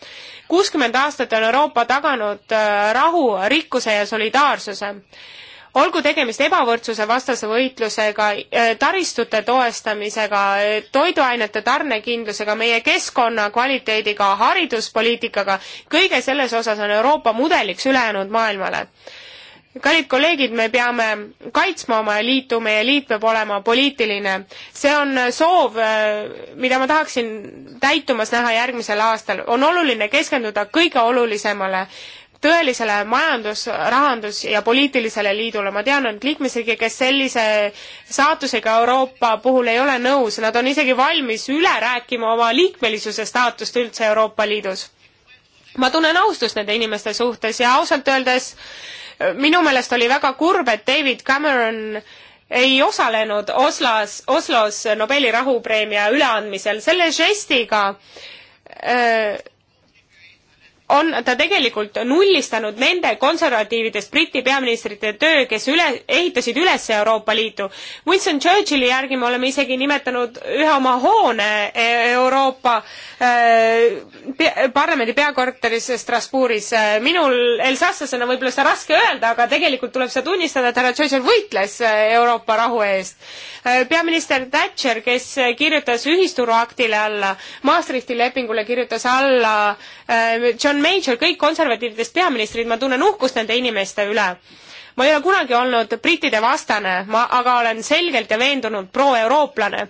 kuuskümmend aastat on Euroopa taganud rahu, rikkuse ja solidaarsuse olgu tegemist ebavõrdsuse vastase võitlusega, äh, taristute toestamisega, äh, toiduainete tarnekindlusega, meie keskkonna kvaliteediga, hariduspoliitikaga, kõige selles osas on Euroopa mudeliks ülejäänud maailmale. kallid kolleegid, me peame kaitsma oma liitu, meie liit peab olema poliitiline. see on soov, äh, mida ma tahaksin täitumas näha järgmisel aastal. on oluline keskenduda kõige olulisemale tõelisele majandus, rahandus ja poliitilisele liidule. ma tean, on liikmesriike, kes sellise saatusega Euroopa puhul ei ole nõus, nad on isegi valmis üle rääkima oma liikmelisuse staatust üldse Euroopa Liidus. ma tunnen austust nende inimeste suhtes ja ausalt öeldes äh, minu meelest oli väga kurb, et David Cameron ei osalenud Oslas, Oslos Nobeli rahupreemia üleandmisel. selle žestiga öö, äh, on ta tegelikult nullistanud nende konservatiividest Briti peaministrite töö, kes üle, ehitasid üles Euroopa Liitu. Winston Churchilli järgi me oleme isegi nimetanud ühe oma hoone e-, Euroopa äh, pe parlamendi peakorteris Strasbourgis. minul elsasslasena võib-olla seda raske öelda, aga tegelikult tuleb seda tunnistada, et härra Churchill võitles äh, Euroopa rahu eest. Äh, peaminister Thatcher, kes kirjutas ühisturuaktile alla, Maastrichti lepingule kirjutas alla äh, John John Major, kõik konservatiividest peaministrid, ma tunnen uhkust nende inimeste üle. ma ei ole kunagi olnud brittide vastane, ma aga olen selgelt ja veendunult pro-eurooplane.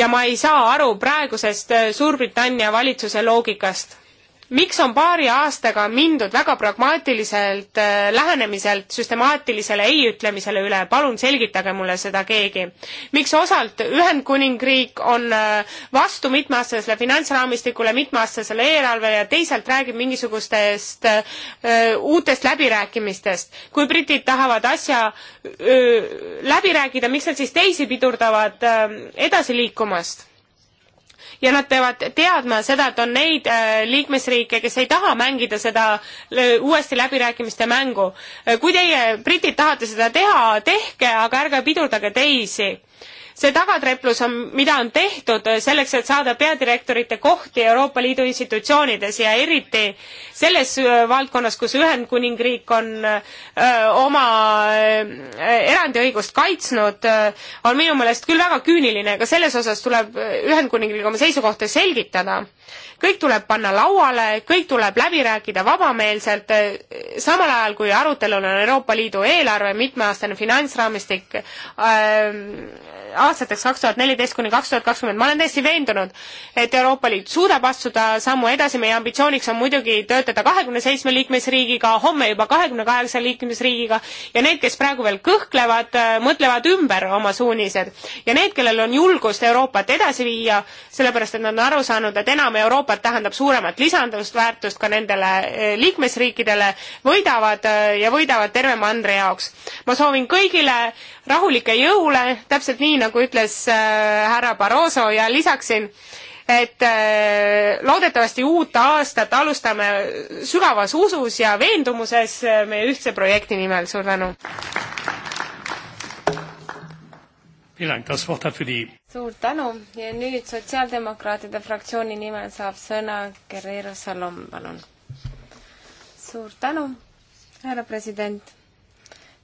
ja ma ei saa aru praegusest äh, Suurbritannia valitsuse loogikast miks on paari aastaga mindud väga pragmaatiliselt äh, lähenemiselt süstemaatilisele ei-ütlemisele üle, palun selgitage mulle seda keegi. miks osalt Ühendkuningriik on äh, vastu mitmeaastasele finantsraamistikule, mitmeaastasele eelarvele ja teisalt räägib mingisugustest äh, äh uutest läbirääkimistest. kui britid tahavad asja äh, läbi rääkida, miks nad siis teisi pidurdavad äh, edasi liikumast? ja nad peavad teadma seda, et on neid äh, liikmesriike, kes ei taha mängida seda äh, uuesti läbirääkimiste mängu. Äh, kui teie, britid, tahate seda teha, tehke, aga ärge pidurdage teisi see tagatreplus on, mida on tehtud äh, selleks, et saada peadirektorite kohti Euroopa Liidu institutsioonides ja eriti selles äh, valdkonnas, kus Ühendkuningriik on öö, äh, oma erandiõigust kaitsnud, on minu meelest küll väga küüniline, aga selles osas tuleb Ühendkuningriigil oma seisukohta selgitada kõik tuleb panna lauale, kõik tuleb läbi rääkida vabameelselt, samal ajal kui arutelul on Euroopa Liidu eelarve, mitmeaastane finantsraamistik ähm,, aastateks kaks tuhat neliteist kuni kaks tuhat kakskümmend. ma olen täiesti veendunud, et Euroopa Liit suudab astuda sammu edasi, meie ambitsiooniks on muidugi töötada kahekümne seitsme liikmesriigiga, homme juba kahekümne kaheksa liikmesriigiga ja need, kes praegu veel kõhklevad, äh, mõtlevad ümber oma suunised. ja need, kellel on julgust Euroopat edasi viia, sellepärast et nad on aru saanud, et enam Euroopat tähendab suuremat lisandust, väärtust ka nendele äh, liikmesriikidele, võidavad äh, ja võidavad terve mandri jaoks. ma soovin kõigile rahulikke jõule, täpselt nii, nagu ütles äh, härra Barroso ja lisaksin, et äh, loodetavasti uut aastat alustame sügavas usus ja veendumuses äh, meie ühtse projekti nimel, suur tänu! suur tänu ja nüüd Sotsiaaldemokraatide fraktsiooni nimel saab sõna Guerrero Salom, palun. suur tänu, härra president.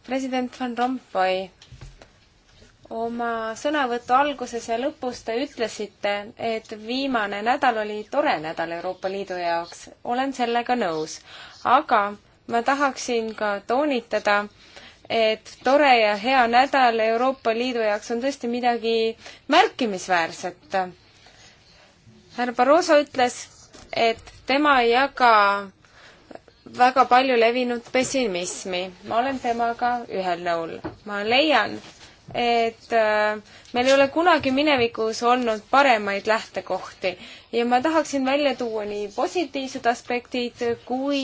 president Van Rompuy, oma sõnavõtu alguses ja lõpus te ütlesite, et viimane nädal oli tore nädal Euroopa Liidu jaoks. olen sellega nõus. aga ma tahaksin ka toonitada, et tore ja hea nädal Euroopa Liidu jaoks on tõesti midagi märkimisväärset. härra Barroso ütles, et tema ei jaga väga palju levinud pessimismi. ma olen temaga ühel nõul. ma leian, et äh, meil ei ole kunagi minevikus olnud paremaid lähtekohti ja ma tahaksin välja tuua nii positiivsed aspektid kui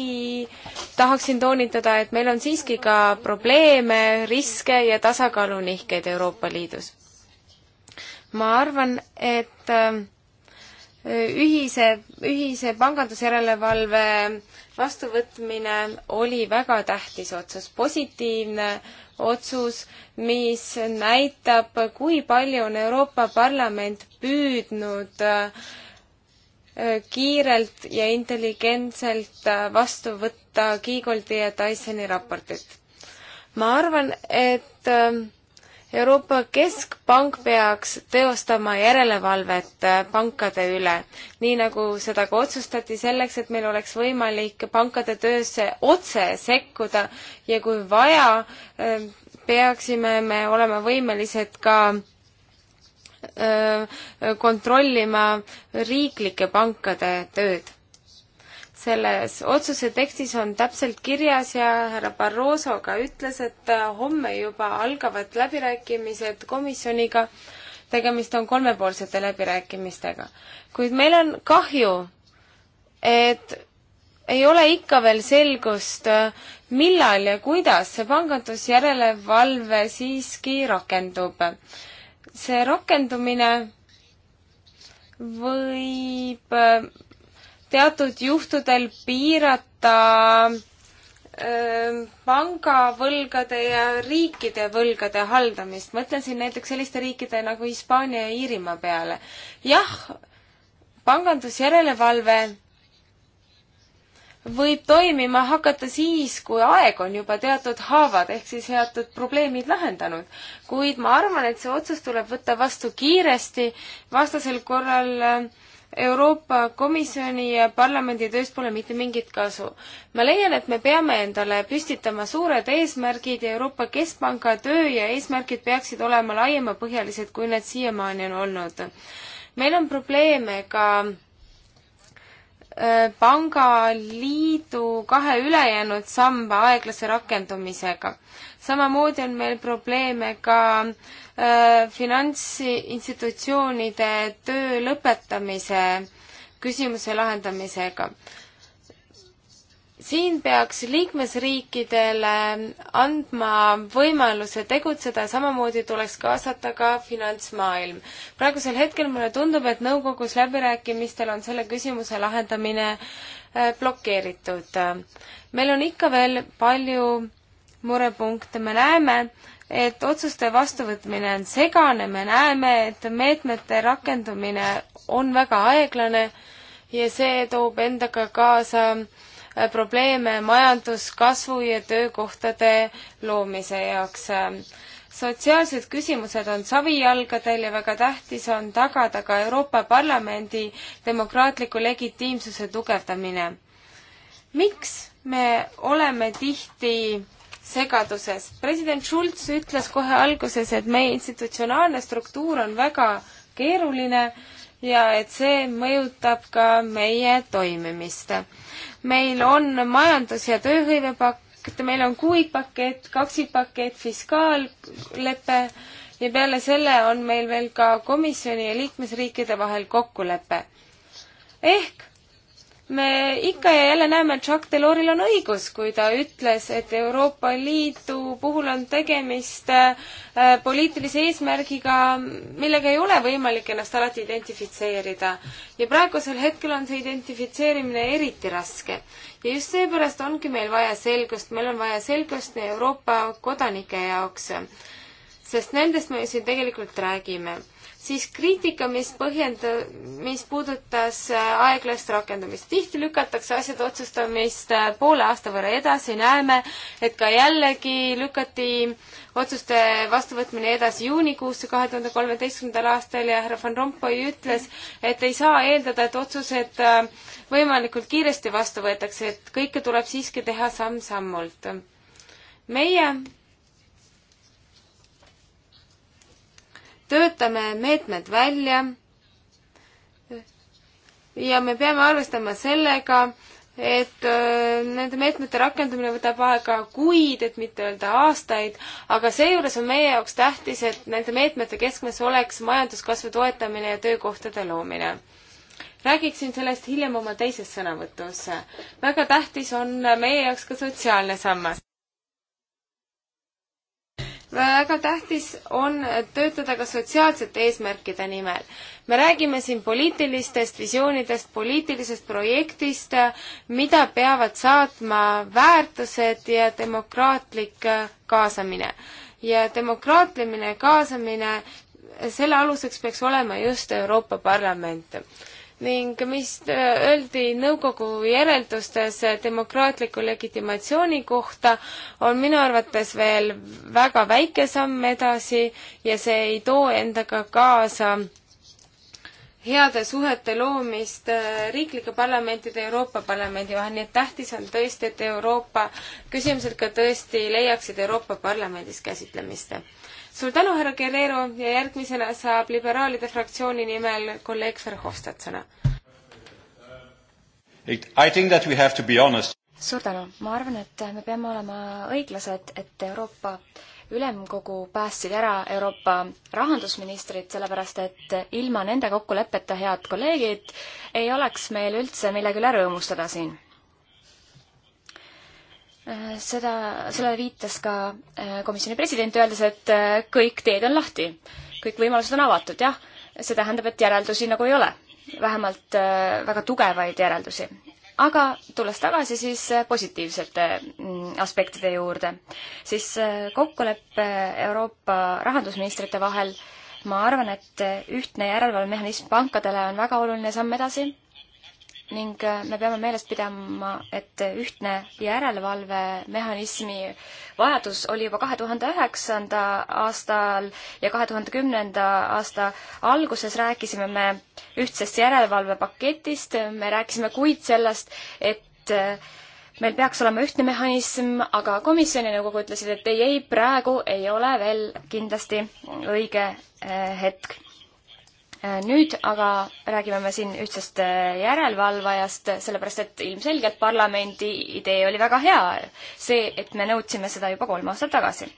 tahaksin toonitada, et meil on siiski ka probleeme, riske ja tasakaalunihkeid Euroopa Liidus. ma arvan, et äh, ühise, ühise pangandusjärelevalve vastuvõtmine oli väga tähtis otsus, positiivne otsus, mis näitab, kui palju on Euroopa Parlament püüdnud äh, kiirelt ja intelligentselt äh, vastu võtta Kiigoldi ja Dysoni raportit. ma arvan, et äh, Euroopa Keskpank peaks teostama järelevalvet äh, pankade üle, nii nagu seda ka otsustati, selleks et meil oleks võimalik pankade töösse otse sekkuda ja kui vaja, äh, peaksime me olema võimelised ka äh, kontrollima riiklike pankade tööd selles otsuse tekstis on täpselt kirjas ja härra Barroso ka ütles, et äh, homme juba algavad läbirääkimised komisjoniga. tegemist on kolmepoolsete läbirääkimistega. kuid meil on kahju, et ei ole ikka veel selgust, äh, millal ja kuidas see pangandusjärelevalve siiski rakendub. see rakendumine võib äh, teatud juhtudel piirata pangavõlgade ja riikide võlgade haldamist. mõtlen siin näiteks selliste riikide nagu Hispaania ja Iirimaa peale. jah, pangandusjärelevalve võib toimima hakata siis, kui aeg on juba teatud haavad ehk siis teatud probleemid lahendanud. kuid ma arvan, et see otsus tuleb võtta vastu kiiresti, vastasel korral äh, Euroopa Komisjoni ja parlamendi tööst pole mitte mingit kasu. ma leian, et me peame endale püstitama suured eesmärgid ja Euroopa Keskpanga töö ja eesmärgid peaksid olema laiemapõhjalised, kui need siiamaani on olnud. meil on probleeme ka äh, pangaliidu kahe ülejäänud samba aeglase rakendumisega. samamoodi on meil probleeme ka äh, Äh, finantsinstitutsioonide töö lõpetamise küsimuse lahendamisega. siin peaks liikmesriikidele andma võimaluse tegutseda, samamoodi tuleks kaasata ka finantsmaailm. praegusel hetkel mulle tundub, et nõukogus läbirääkimistel on selle küsimuse lahendamine äh, blokeeritud. meil on ikka veel palju murepunkte, me näeme, et otsuste vastuvõtmine on segane, me näeme, et meetmete rakendumine on väga aeglane ja see toob endaga kaasa äh, probleeme majanduskasvu ja töökohtade loomise jaoks. sotsiaalsed küsimused on savijalgadel ja väga tähtis on tagada ka Euroopa Parlamendi demokraatliku legitiimsuse tugevdamine. miks me oleme tihti segaduses. president Schulz ütles kohe alguses, et meie institutsionaalne struktuur on väga keeruline ja et see mõjutab ka meie toimimist. meil on majandus- ja tööhõivepakt, meil on kuuikpakett, kaksikpakett, fiskaallepe ja peale selle on meil veel ka komisjoni ja liikmesriikide vahel kokkulepe. ehk me ikka ja jälle näeme, et Jacques Delorsil on õigus, kui ta ütles, et Euroopa Liidu puhul on tegemist äh, poliitilise eesmärgiga, millega ei ole võimalik ennast alati identifitseerida. ja praegusel hetkel on see identifitseerimine eriti raske. ja just seepärast ongi meil vaja selgust, meil on vaja selgust Euroopa kodanike jaoks. sest nendest me ju siin tegelikult räägime siis kriitika, mis põhjenda-, mis puudutas äh, aeglast rakendamist. tihti lükatakse asjade otsustamist äh, poole aasta võrra edasi, näeme, et ka jällegi lükati otsuste vastuvõtmine edasi juunikuusse kahe tuhande kolmeteistkümnendal aastal ja härra Van Rompuy ütles, et ei saa eeldada, et otsused äh, võimalikult kiiresti vastu võetakse, et kõike tuleb siiski teha samm-sammult. meie töötame meetmed välja ja me peame arvestama sellega, et äh, nende meetmete rakendamine võtab aega kuid, et mitte öelda aastaid, aga seejuures on meie jaoks tähtis, et nende meetmete keskmes oleks majanduskasvu toetamine ja töökohtade loomine. räägiksin sellest hiljem oma teises sõnavõtus. väga tähtis on meie jaoks ka sotsiaalne sammas väga tähtis on töötada ka sotsiaalsete eesmärkide nimel. me räägime siin poliitilistest visioonidest, poliitilisest projektist, mida peavad saatma väärtused ja demokraatlik kaasamine. ja demokraatlimine kaasamine, selle aluseks peaks olema just Euroopa Parlament ning mis äh, öeldi nõukogu järeldustes äh, demokraatliku legitimatsiooni kohta, on minu arvates veel väga väike samm edasi ja see ei too endaga kaasa heade suhete loomist äh, riiklike parlamentide ja Euroopa Parlamendi vahel, nii et tähtis on tõesti, et Euroopa küsimused ka tõesti leiaksid Euroopa Parlamendis käsitlemist suur tänu, härra Guerrero ja järgmisena saab liberaalide fraktsiooni nimel kolleeg Verhofstadt sõna. suur tänu, ma arvan, et me peame olema õiglased, et Euroopa ülemkogu päästsid ära Euroopa rahandusministrid, sellepärast et ilma nende kokkuleppeta, head kolleegid, ei oleks meil üldse millegi üle rõõmustada siin Eh, seda, sellele viitas ka eh, komisjoni president, öeldes, et eh, kõik teed on lahti, kõik võimalused on avatud, jah. see tähendab, et järeldusi nagu ei ole, vähemalt väga tugevaid järeldusi. aga tulles tagasi siis positiivsete mm, aspektide juurde, siis kokkulepe Euroopa rahandusministrite vahel ma arvan, et ühtne järelevalvemehhanism pankadele on väga oluline samm edasi ning äh, me peame meeles pidama, et ühtne järelevalvemehhanismi vajadus oli juba kahe tuhande üheksanda aastal ja kahe tuhande kümnenda aasta alguses rääkisime me ühtsest järelevalvepaketist, me rääkisime kuid sellest, et äh, meil peaks olema ühtne mehhanism, aga komisjoni nõukogu ütlesid, et ei, ei, praegu ei ole veel kindlasti õige äh, hetk Äh, nüüd aga räägime me siin ühtsest äh, järelevalvajast, sellepärast et ilmselgelt parlamendi idee oli väga hea. see, et me nõudsime seda juba kolm aastat tagasi.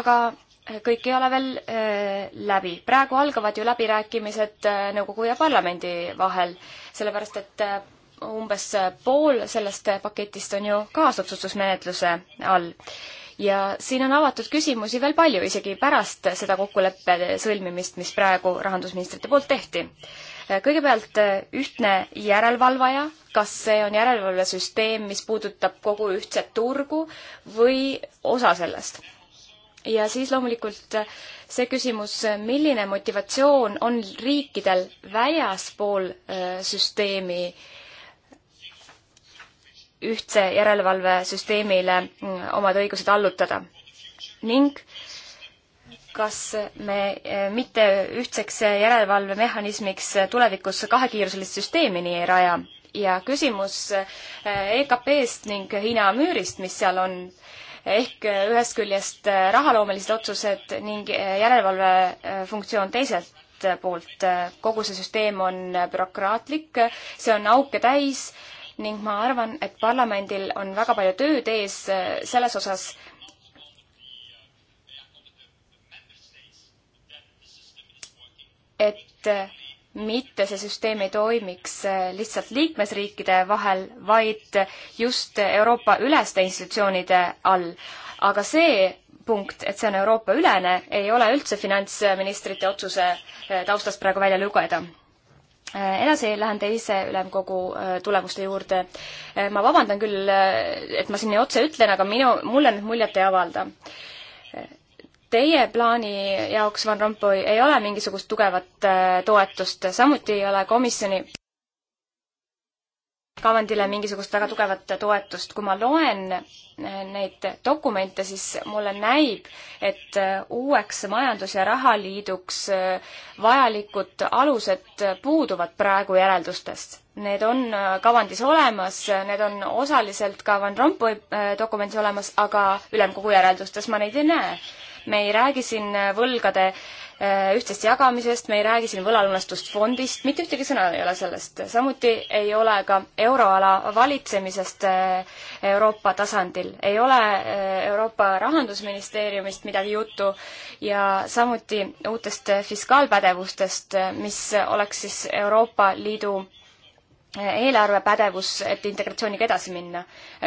aga äh, kõik ei ole veel äh, läbi. praegu algavad ju läbirääkimised äh, nõukogu ja parlamendi vahel, sellepärast et äh, umbes pool sellest paketist on ju kaasotsustusmenetluse all ja siin on avatud küsimusi veel palju, isegi pärast seda kokkuleppe sõlmimist, mis praegu rahandusministrite poolt tehti. kõigepealt eh, ühtne järelevalvaja, kas see on järelevalvesüsteem, mis puudutab kogu ühtset turgu või osa sellest? ja siis loomulikult eh, see küsimus, milline motivatsioon on riikidel väljaspool eh, süsteemi äh, ühtse järelevalvesüsteemile mm, omad õigused allutada. ning kas me eh, mitte ühtseks järelevalvemehhanismiks tulevikus kahekiiruselist süsteemi nii ei raja? ja küsimus EKP-st eh, e ning Hiina müürist, mis seal on, ehk eh, ühest küljest rahaloomelised otsused ning järelevalvefunktsioon teiselt poolt. kogu see süsteem on bürokraatlik, see on auke täis ning ma arvan, et parlamendil on väga palju tööd ees äh, selles osas, et äh, mitte see süsteem ei toimiks äh, lihtsalt liikmesriikide vahel, vaid just Euroopa üleste institutsioonide all. aga see punkt, et see on Euroopa ülene, ei ole üldse finantsministrite otsuse taustast praegu välja lugeda Äh, edasi lähen teise ülemkogu äh, tulemuste juurde. Äh, ma vabandan küll, et ma siin otse ütlen, aga minu, mulle need muljet ei avalda. Teie plaani jaoks, Van Rompuy, ei ole mingisugust tugevat toetust, samuti ei ole komisjoni kavandile mingisugust väga tugevat toetust. kui ma loen eh, neid dokumente, siis mulle näib, et eh, uueks majandus- ja rahaliiduks eh, vajalikud alused puuduvad praegu järeldustest. Need on kavandis olemas, need on osaliselt ka Van Rompuy dokumendis olemas, aga ülemkogu järeldustes ma neid ei näe me ei räägi siin äh, võlgade äh, ühtsest jagamisest, me ei räägi siin võlalunastusfondist, mitte ühtegi sõna ei ole sellest. samuti ei ole ka euroala valitsemisest äh, Euroopa tasandil, ei ole Euroopa Rahandusministeeriumist midagi juttu ja samuti uutest fiskaalpädevustest, mis oleks siis Euroopa Liidu eelarvepädevus, et integratsiooniga edasi minna.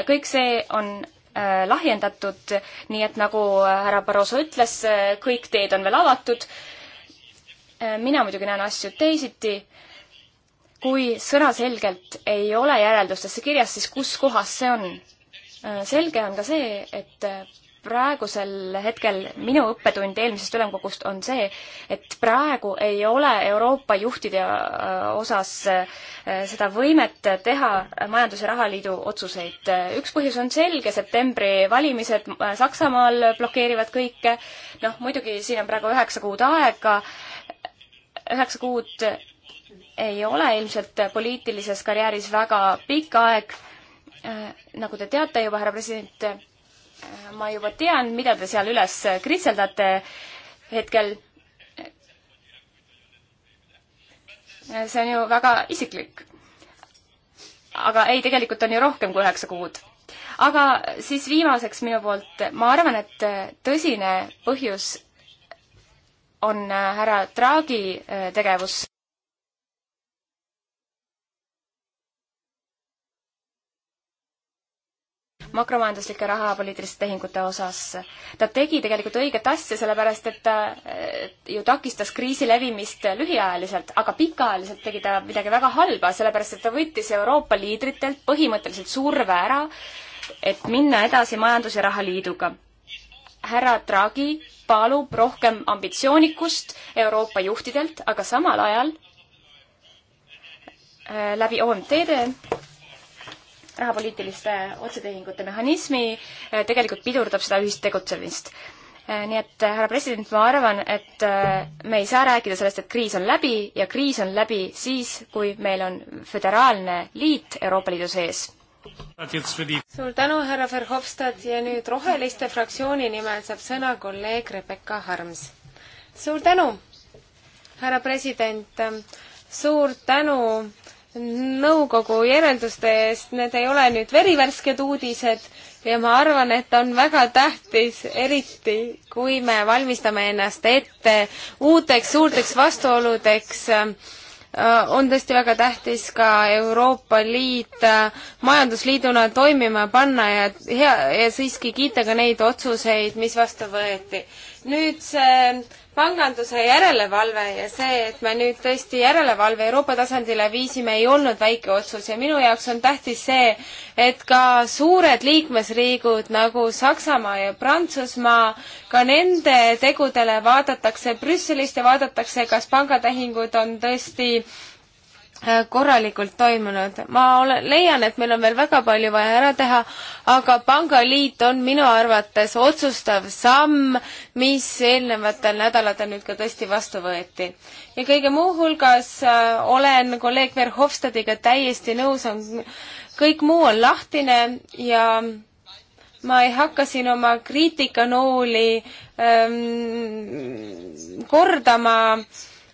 kõik see on Äh, lahjendatud, nii et nagu äh, härra Barroso ütles, äh, kõik teed on veel avatud. mina muidugi näen asju teisiti. kui sõnaselgelt ei ole järeldustesse kirjas, siis kus kohas see on? selge on ka see, et praegusel hetkel minu õppetund eelmisest ülemkogust on see, et praegu ei ole Euroopa juhtide äh, osas äh, seda võimet teha Majandus- ja Rahaliidu otsuseid. üks põhjus on selge, septembri valimised äh, Saksamaal blokeerivad kõike, noh muidugi siin on praegu üheksa kuud aega, üheksa kuud ei ole ilmselt poliitilises karjääris väga pikk aeg, nagu te teate juba, härra president, ma juba tean, mida te seal üles kritseldate hetkel. see on ju väga isiklik. aga ei, tegelikult on ju rohkem kui üheksa kuud. aga siis viimaseks minu poolt, ma arvan, et tõsine põhjus on äh, härra Draghi äh, tegevus. makromajanduslike rahapoliitiliste tehingute osas. ta tegi tegelikult õiget asja, sellepärast et ta ju takistas kriisi levimist lühiajaliselt, aga pikaajaliselt tegi ta midagi väga halba, sellepärast et ta võttis Euroopa liidritelt põhimõtteliselt surve ära, et minna edasi Majandus- ja Rahaliiduga härra Draghi palub rohkem ambitsioonikust Euroopa juhtidelt, aga samal ajal äh, läbi OMT-de rahapoliitiliste otsetehingute mehhanismi eh, tegelikult pidurdab seda ühist tegutsemist. Eh, nii et eh, härra president, ma arvan, et me ei saa rääkida sellest, et kriis on läbi ja kriis on läbi siis, kui meil on föderaalne liit Euroopa Liidu sees. suur tänu, härra Verhofstadt ja nüüd Roheliste fraktsiooni nimel saab sõna kolleeg Rebecca Harms. suur tänu, härra president, suur tänu nõukogu järelduste eest, need ei ole nüüd verivärsked uudised ja ma arvan, et on väga tähtis, eriti kui me valmistame ennast ette uuteks suurteks vastuoludeks, äh, on tõesti väga tähtis ka Euroopa Liit äh, majandusliiduna toimima panna ja hea, ja siiski kiita ka neid otsuseid, mis vastu võeti. nüüd see panganduse järelevalve ja see, et me nüüd tõesti järelevalve Euroopa tasandile viisime, ei olnud väike otsus ja minu jaoks on tähtis see, et ka suured liikmesriigud nagu Saksamaa ja Prantsusmaa, ka nende tegudele vaadatakse Brüsselist ja vaadatakse, kas pangatehingud on tõesti Äh, korralikult toimunud. ma olen, leian, et meil on veel väga palju vaja ära teha, aga Pangaliit on minu arvates otsustav samm, mis eelnevatel nädalatel nüüd ka tõesti vastu võeti. ja kõige muu hulgas äh, olen kolleeg Verhofstadiga täiesti nõus, on, kõik muu on lahtine ja ma ei hakka siin oma kriitikanooli ähm, kordama äh,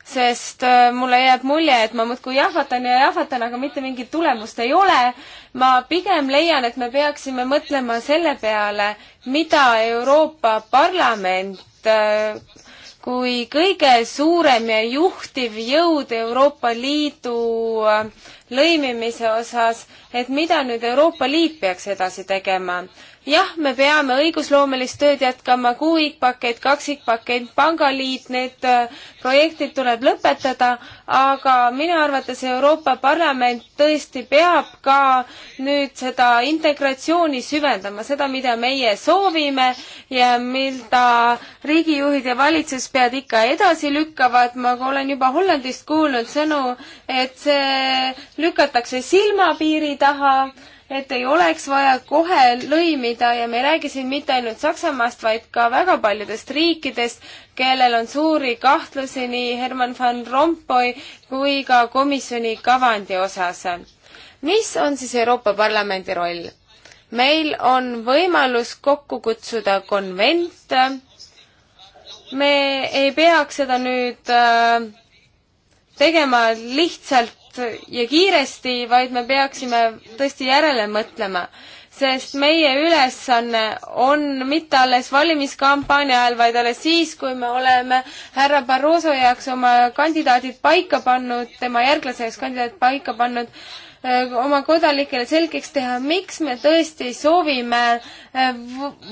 sest äh, mulle jääb mulje, et ma muudkui jahvatan ja jahvatan, aga mitte mingit tulemust ei ole. ma pigem leian, et me peaksime mõtlema selle peale, mida Euroopa Parlament äh, kui kõige suurem ja juhtiv jõud Euroopa Liidu äh, lõimimise osas, et mida nüüd Euroopa Liit peaks edasi tegema jah, me peame õigusloomelist tööd jätkama, kuuikpakett, kaksikpakett, pangaliit, need äh, projektid tuleb lõpetada, aga minu arvates Euroopa Parlament tõesti peab ka nüüd seda integratsiooni süvendama, seda, mida meie soovime ja mida riigijuhid ja valitsuspead ikka edasi lükkavad, ma olen juba Hollandist kuulnud sõnu, et see lükatakse silmapiiri taha et ei oleks vaja kohe lõimida ja me ei räägi siin mitte ainult Saksamaast, vaid ka väga paljudest riikidest, kellel on suuri kahtlusi nii Herman van Rompuy kui ka komisjoni kavandi osas. mis on siis Euroopa Parlamendi roll? meil on võimalus kokku kutsuda konvent, me ei peaks seda nüüd äh, tegema lihtsalt kiirelt ja kiiresti, vaid me peaksime tõesti järele mõtlema, sest meie ülesanne on mitte alles valimiskampaania ajal, vaid alles siis, kui me oleme härra Barroso jaoks oma kandidaadid paika pannud, tema järglase jaoks kandidaadid paika pannud, äh, oma kodanikele selgeks teha, miks me tõesti soovime äh,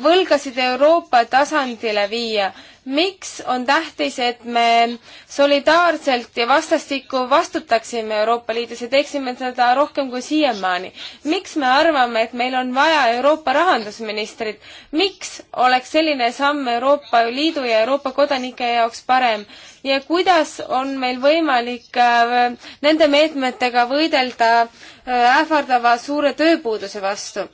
võlgasid Euroopa tasandile viia miks on tähtis, et me solidaarselt ja vastastikku vastutaksime Euroopa Liidus ja teeksime seda rohkem kui siiamaani? miks me arvame, et meil on vaja Euroopa rahandusministrit? miks oleks selline samm Euroopa Liidu ja Euroopa kodanike jaoks parem? ja kuidas on meil võimalik äh, nende meetmetega võidelda äh, Äh, ähvardava suure tööpuuduse vastu.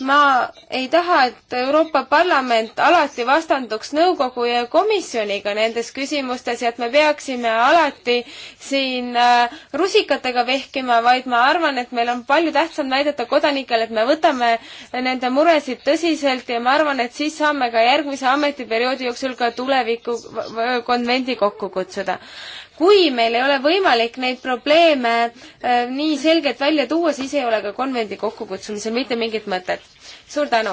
ma ei taha, et Euroopa Parlament alati vastanduks nõukogu ja komisjoniga nendes küsimustes ja et me peaksime alati siin äh, rusikatega vehkima, vaid ma arvan, et meil on palju tähtsam näidata kodanikele, et me võtame nende muresid tõsiselt ja ma arvan, et siis saame ka järgmise ametiperioodi jooksul ka tuleviku konvendi kokku kutsuda kui meil ei ole võimalik neid probleeme äh, nii selgelt välja tuua, siis ei ole ka konvendi kokkukutsumisel mitte mingit mõtet. suur tänu!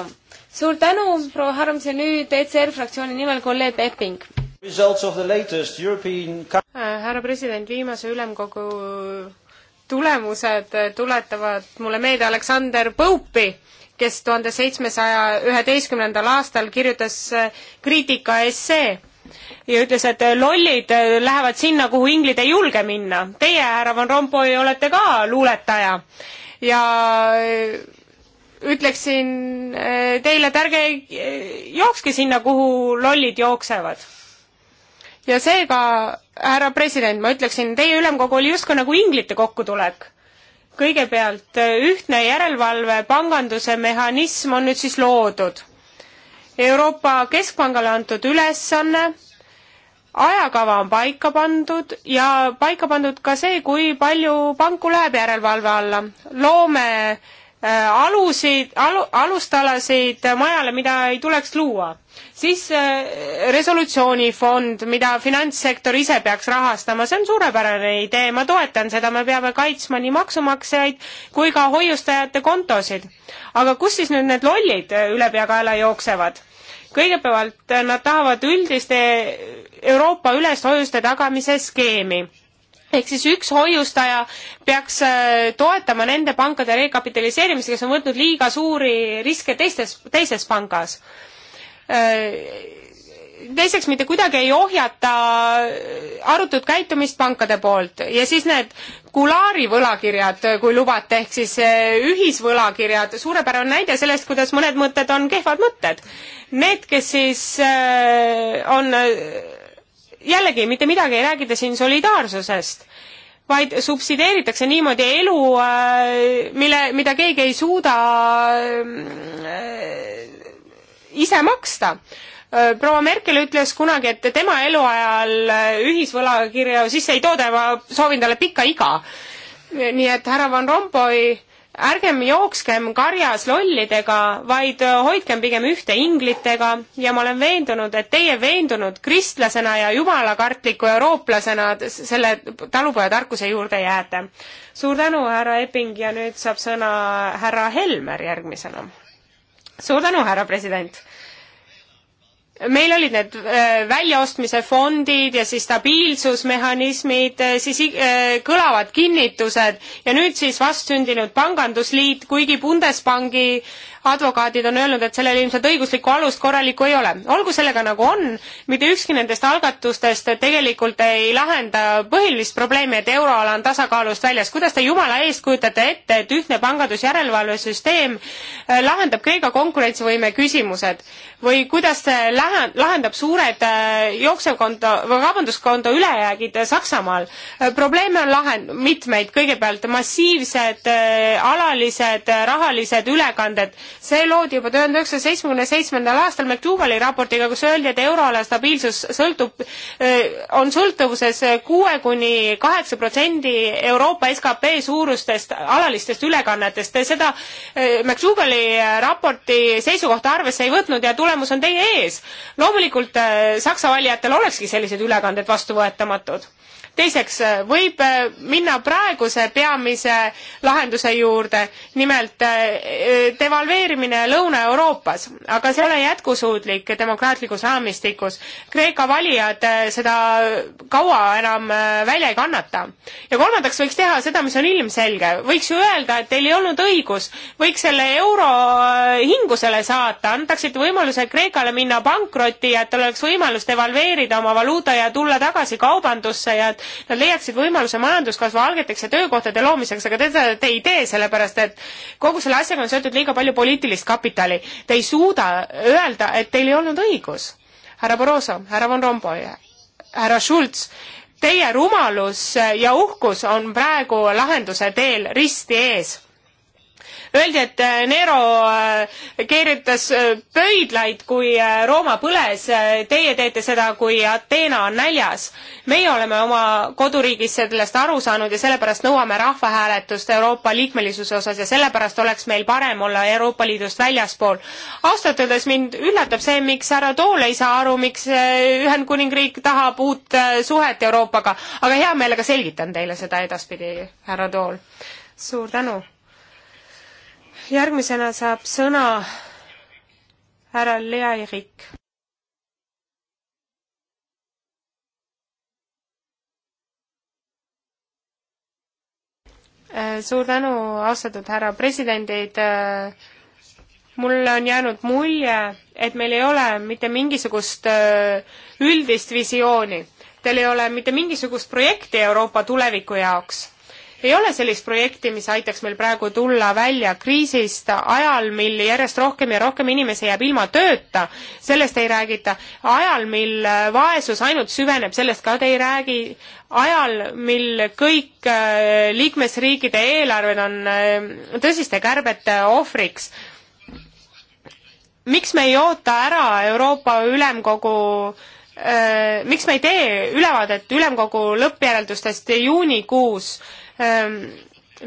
suur tänu, proua Harms ja nüüd ECR fraktsiooni nimel kolleeg Epping. European... Äh, härra president, viimase ülemkogu tulemused tuletavad mulle meelde Aleksander Pope'i, kes tuhande seitsmesaja üheteistkümnendal aastal kirjutas äh, kriitika essee ja ütles, et eh, lollid eh, lähevad sinna, kuhu inglid ei julge minna. Teie, härra Van Rompuy, olete ka luuletaja ja eh, ütleksin teile, et ärge jookske sinna, kuhu lollid jooksevad. ja seega, härra president, ma ütleksin, teie ülemkogu oli justkui nagu inglite kokkutulek kõigepealt ühtne järelevalve panganduse mehhanism on nüüd siis loodud Euroopa Keskpangale antud ülesanne, ajakava on paika pandud ja paika pandud ka see, kui palju panku läheb järelevalve alla. loome äh, Äh, alusid alu,, alustalasid majale, mida ei tuleks luua. siis äh, resolutsioonifond, mida finantssektor ise peaks rahastama, see on suurepärane idee, ma toetan seda, me peame kaitsma nii maksumaksjaid kui ka hoiustajate kontosid. aga kus siis nüüd need lollid äh, ülepeakaela jooksevad? kõigepealt nad tahavad üldiste Euroopa ülest hoiuste tagamise skeemi ehk siis üks hoiustaja peaks äh, toetama nende pankade rekapitaliseerimist, kes on võtnud liiga suuri riske teistes, teises pangas. Äh, teiseks, mitte kuidagi ei ohjata arutut käitumist pankade poolt ja siis need kulaari võlakirjad, äh, kui lubate, ehk siis ühisvõlakirjad, suurepärane näide sellest, kuidas mõned mõtted on kehvad mõtted. Need, kes siis on jällegi mitte midagi ei räägita siin solidaarsusest, vaid subsideeritakse niimoodi elu, äh, mille, mida keegi ei suuda äh, ise maksta. Äh, proua Merkel ütles kunagi, et tema eluajal ühisvõlakirju sisse ei tooda ja ma soovin talle pikka iga. nii et härra Van Rompuy ärgem jookskem karjas lollidega, vaid hoidkem pigem ühte inglitega ja ma olen veendunud, et teie veendunud kristlasena ja jumalakartliku eurooplasena selle talupojatarkuse juurde jääte. suur tänu, härra Epping ja nüüd saab sõna härra Helmer järgmisena. suur tänu, härra president meil olid need äh, väljaostmise fondid ja siis stabiilsusmehhanismid, äh, siis äh, kõlavad kinnitused ja nüüd siis vastsündinud pangandusliit, kuigi Bundesbanki advokaadid on öelnud, et sellel ilmselt õiguslikku alust korralikku ei ole. olgu sellega nagu on, mitte ükski nendest algatustest tegelikult ei lahenda põhilist probleemi, et euroala on tasakaalust väljas. kuidas te jumala eest kujutate ette, et ühtne pangandusjärelevalvesüsteem lahendab Kreeka konkurentsivõime küsimused? või kuidas see lähe-, lahendab suured äh, jooksevkonto või kaubanduskonto ülejäägid äh, Saksamaal? Äh, probleeme on lahend-, mitmeid, kõigepealt massiivsed alalised rahalised ülekanded, see loodi juba tuhande üheksasaja seitsmekümne seitsmendal aastal McDougali raportiga, kus öeldi, et euroala stabiilsus sõltub, on sõltuvuses kuue kuni kaheksa protsendi Euroopa skp suurustest alalistest ülekannetest, seda McDougali raporti seisukohta arvesse ei võtnud ja tule-, tulemus on teie ees. loomulikult äh, Saksa valijatel olekski sellised ülekanded vastuvõetamatud teiseks äh, võib äh, minna praeguse peamise lahenduse juurde, nimelt äh, devalveerimine Lõuna-Euroopas, aga see ei ole jätkusuutlik demokraatlikus raamistikus. Kreeka valijad seda kaua enam välja ei kannata. ja kolmandaks võiks teha seda, mis on ilmselge, võiks ju öelda, et teil ei olnud õigus, võiks selle euro hingusele saata, antaksite võimaluse Kreekale minna pankrotti ja et tal oleks võimalus devalveerida oma valuuta ja tulla tagasi kaubandusse ja et nad leiaksid võimaluse majanduskasvu algeteks ja töökohtade loomiseks, aga teda te ei tee, sellepärast et kogu selle asjaga on seotud liiga palju poliitilist kapitali. Te ei suuda öelda, et teil ei olnud õigus. härra Barroso, härra Van Rompuy, härra Schulz, teie rumalus ja uhkus on praegu lahenduse teel risti ees Öeldi, et äh, Nero äh, keeritas äh, pöidlaid, kui Rooma põles, teie teete seda, kui Ateena on näljas. meie oleme oma koduriigis sellest aru saanud ja sellepärast nõuame rahvahääletust Euroopa liikmelisuse osas ja sellepärast oleks meil parem olla Euroopa Liidust väljaspool. ausalt öeldes mind üllatab see, miks härra Tool ei saa aru, miks Ühendkuningriik tahab uut suhet Euroopaga, aga hea meelega selgitan teile seda edaspidi, härra Tool. suur tänu järgmisena saab sõna härra Lea Erik. Äh, suur tänu, austatud härra presidendid. Äh, mulle on jäänud mulje, et meil ei ole mitte mingisugust äh, üldist visiooni. Teil ei ole mitte mingisugust projekti Euroopa tuleviku jaoks ei ole sellist projekti, mis aitaks meil praegu tulla välja kriisist ajal, mil järjest rohkem ja rohkem inimesi jääb ilma tööta, sellest ei räägita. ajal, mil vaesus ainult süveneb, sellest ka te ei räägi. ajal, mil kõik äh, liikmesriikide eelarved on äh, tõsiste kärbete ohvriks. miks me ei oota ära Euroopa Ülemkogu äh, Äh, miks me ei tee ülevaadet ülemkogu lõppjäreldustest juunikuus? Ähm,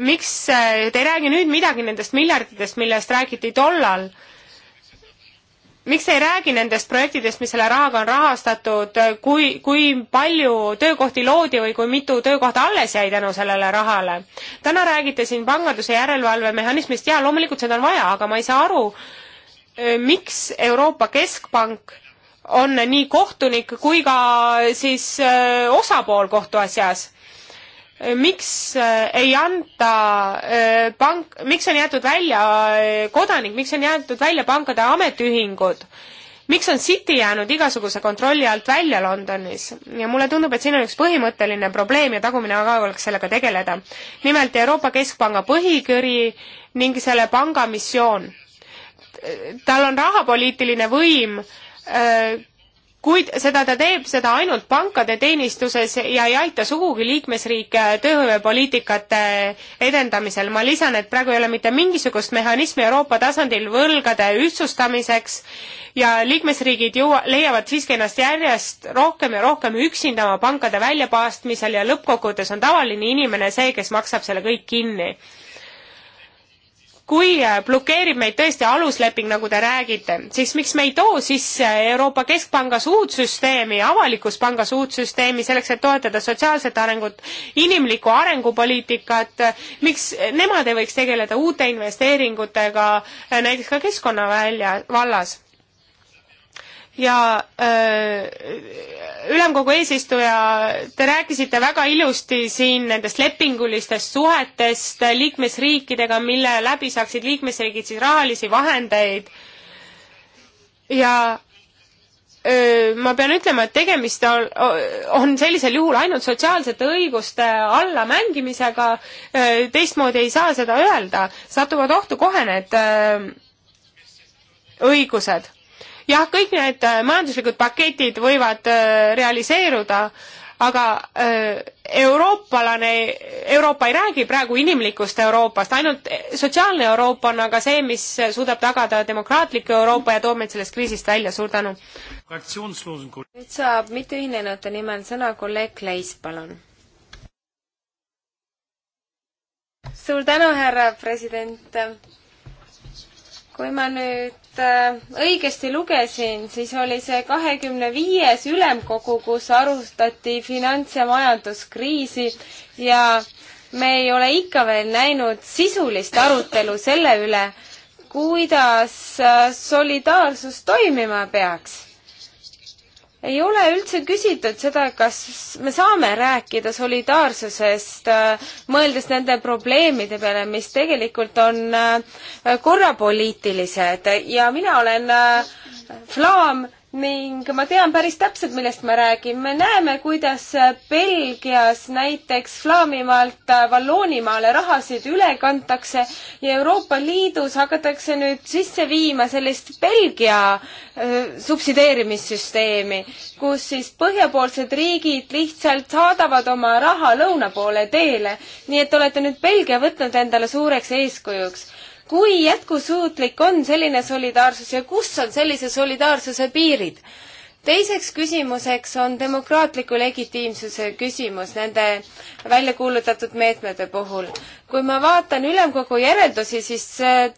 miks äh, te ei räägi nüüd midagi nendest miljarditest, millest räägiti tollal? miks te ei räägi nendest projektidest, mis selle rahaga on rahastatud, kui, kui palju töökohti loodi või kui mitu töökohta alles jäi tänu sellele rahale? täna räägite siin panganduse järelevalvemehhanismist ja loomulikult seda on vaja, aga ma ei saa aru, äh, miks Euroopa Keskpank on nii kohtunik kui ka siis äh, osapool kohtuasjas miks äh, ei anta äh, pank, miks on jäetud välja kodanik, miks on jäetud välja pankade ametiühingud? miks on City jäänud igasuguse kontrolli alt välja Londonis? ja mulle tundub, et siin on üks põhimõtteline probleem ja tagumine aga oleks sellega tegeleda. nimelt Euroopa Keskpanga põhikiri ning selle panga missioon. tal on rahapoliitiline võim äh, Äh, kuid seda ta teeb, seda ainult pankade teenistuses ja ei aita sugugi liikmesriike tööhõivepoliitikate edendamisel. ma lisan, et praegu ei ole mitte mingisugust mehhanismi Euroopa tasandil võlgade ühtsustamiseks ja liikmesriigid jõua-, leiavad siiski ennast järjest rohkem ja rohkem üksinda oma pankade väljapaastmisel ja lõppkokkuvõttes on tavaline inimene see, kes maksab selle kõik kinni kui äh, blokeerib meid tõesti alusleping, nagu te räägite, siis miks me ei too sisse Euroopa Keskpangas uut süsteemi, avalikus pangas uut süsteemi, selleks et toetada sotsiaalset arengut, inimlikku arengupoliitikat, miks nemad ei võiks tegeleda uute investeeringutega äh, näiteks ka keskkonna välja, vallas? ja öö, ülemkogu eesistuja, te rääkisite väga ilusti siin nendest lepingulistest suhetest liikmesriikidega, mille läbi saaksid liikmesriigid siis rahalisi vahendeid ja öö, ma pean ütlema, et tegemist on, on sellisel juhul ainult sotsiaalsete õiguste allamängimisega, teistmoodi ei saa seda öelda, satuvad ohtu kohe need öö, õigused jah, kõik need äh, majanduslikud paketid võivad äh, realiseeruda, aga äh, eurooplane, Euroopa ei räägi praegu inimlikust Euroopast, ainult sotsiaalne Euroopa on aga see, mis suudab tagada demokraatliku Euroopa ja toob meid sellest kriisist välja, suur tänu. nüüd saab mitteühinenute nimel sõna kolleeg Leis, palun. suur tänu, härra president. kui ma nüüd Äh, õigesti lugesin, siis oli see kahekümne viies ülemkogu, kus arutati finants- ja majanduskriisi ja me ei ole ikka veel näinud sisulist arutelu selle üle, kuidas äh, solidaarsus toimima peaks ei ole üldse küsitud seda, kas me saame rääkida solidaarsusest, äh, mõeldes nende probleemide peale, mis tegelikult on äh, korrapoliitilised ja mina olen äh, flaam ning ma tean päris täpselt, millest ma räägin. me näeme, kuidas Belgias näiteks Flaamimaalt Valloonimaale rahasid üle kantakse ja Euroopa Liidus hakatakse nüüd sisse viima sellist Belgia äh, subsideerimissüsteemi, kus siis põhjapoolsed riigid lihtsalt saadavad oma raha lõuna poole teele. nii et olete nüüd Belgia võtnud endale suureks eeskujuks kui jätkusuutlik on selline solidaarsus ja kus on sellise solidaarsuse piirid? teiseks küsimuseks on demokraatliku legitiimsuse küsimus nende välja kuulutatud meetmete puhul kui ma vaatan ülemkogu järeldusi, siis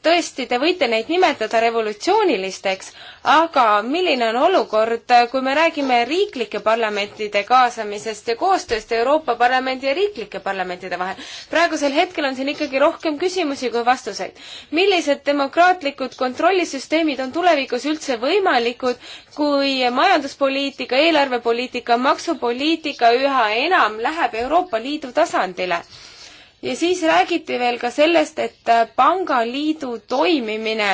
tõesti, te võite neid nimetada revolutsioonilisteks, aga milline on olukord, kui me räägime riiklike parlamentide kaasamisest ja koostööst Euroopa Parlamendi ja riiklike parlamentide vahel? praegusel hetkel on siin ikkagi rohkem küsimusi kui vastuseid. millised demokraatlikud kontrollisüsteemid on tulevikus üldse võimalikud, kui majanduspoliitika, eelarvepoliitika, maksupoliitika üha enam läheb Euroopa Liidu tasandile? ja siis räägiti veel ka sellest, et äh, pangaliidu toimimine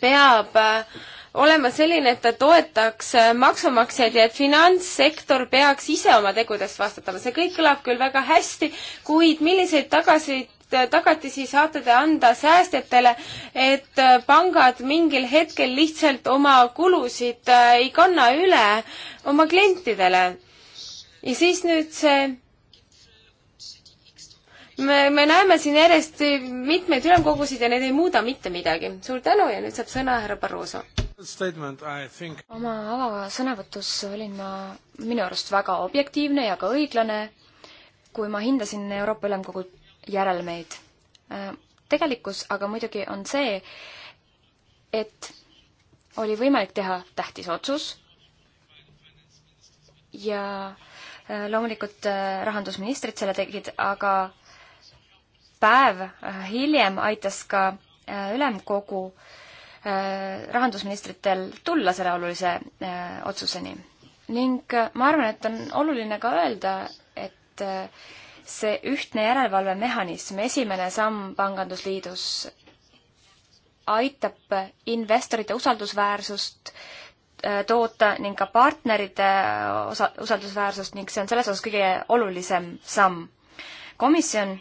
peab äh, olema selline, et ta toetaks äh, maksumaksjaid ja et finantssektor peaks ise oma tegudest vastutama. see kõik kõlab küll väga hästi, kuid milliseid tagasi, tagatisi saate te anda säästjatele, et pangad mingil hetkel lihtsalt oma kulusid ei kanna üle oma klientidele? ja siis nüüd see me, me näeme siin järjest mitmeid ülemkogusid ja need ei muuda mitte midagi. suur tänu ja nüüd saab sõna härra Barroso. oma avasõnavõtus olin ma minu arust väga objektiivne ja ka õiglane, kui ma hindasin Euroopa Ülemkogu järelmeid. Äh, tegelikkus aga muidugi on see, et oli võimalik teha tähtis otsus ja äh, loomulikult äh, rahandusministrid selle tegid, aga päev hiljem aitas ka äh, ülemkogu äh, rahandusministritel tulla selle olulise äh, otsuseni. ning ma arvan, et on oluline ka öelda, et see ühtne järelevalvemehhanism, esimene samm pangandusliidus, aitab investorite usaldusväärsust toota ning ka partnerite osa, usaldusväärsust ning see on selles osas kõige olulisem samm. komisjon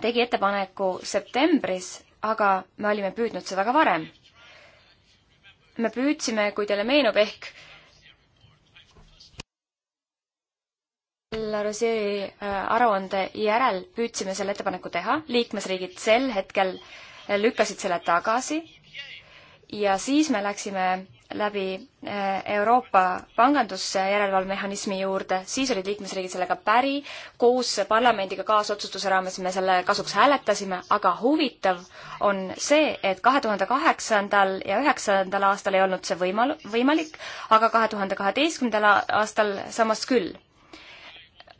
tegi ettepaneku septembris, aga me olime püüdnud seda ka varem. me püüdsime, kui teile meenub, ehk Larosieri äh, aruande järel püüdsime selle ettepaneku teha, liikmesriigid sel hetkel lükkasid selle tagasi ja siis me läksime läbi eh, Euroopa pangandusjärelevalvemehhanismi juurde, siis olid liikmesriigid sellega päri, koos parlamendiga kaasotsustuse raames me selle kasuks hääletasime, aga huvitav on see, et kahe tuhande kaheksandal ja üheksandal aastal ei olnud see võimal-, võimalik, aga kahe tuhande kaheteistkümnendal aastal samas küll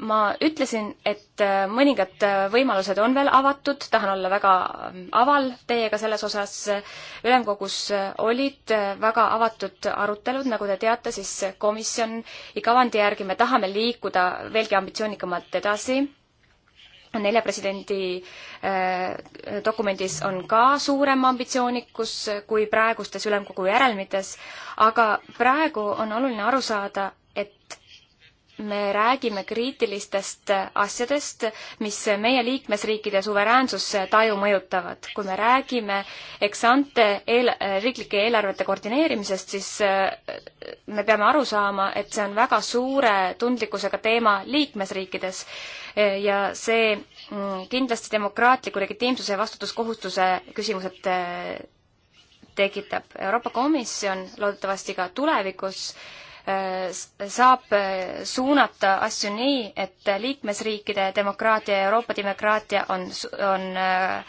ma ütlesin, et äh, mõningad äh, võimalused on veel avatud, tahan olla väga ähm, aval teiega selles osas. ülemkogus äh, olid väga avatud arutelud, nagu te teate, siis komisjon kavandi järgi me tahame liikuda veelgi ambitsioonikamalt edasi nelja presidendi dokumendis on ka suurem ambitsioonikus kui praegustes ülemkogu järelmites, aga praegu on oluline aru saada, et me räägime kriitilistest asjadest, mis meie liikmesriikide suveräänsustaju mõjutavad. kui me räägime eksante eel-, riiklike eelarvete koordineerimisest, siis äh, me peame aru saama, et see on väga suure tundlikkusega teema liikmesriikides äh, ja see mm, kindlasti demokraatliku legitiimsuse ja vastutuskohustuse küsimused äh, tekitab. Euroopa Komisjon loodetavasti ka tulevikus äh, saab äh, suunata asju nii, et liikmesriikide demokraatia ja Euroopa demokraatia on, on äh,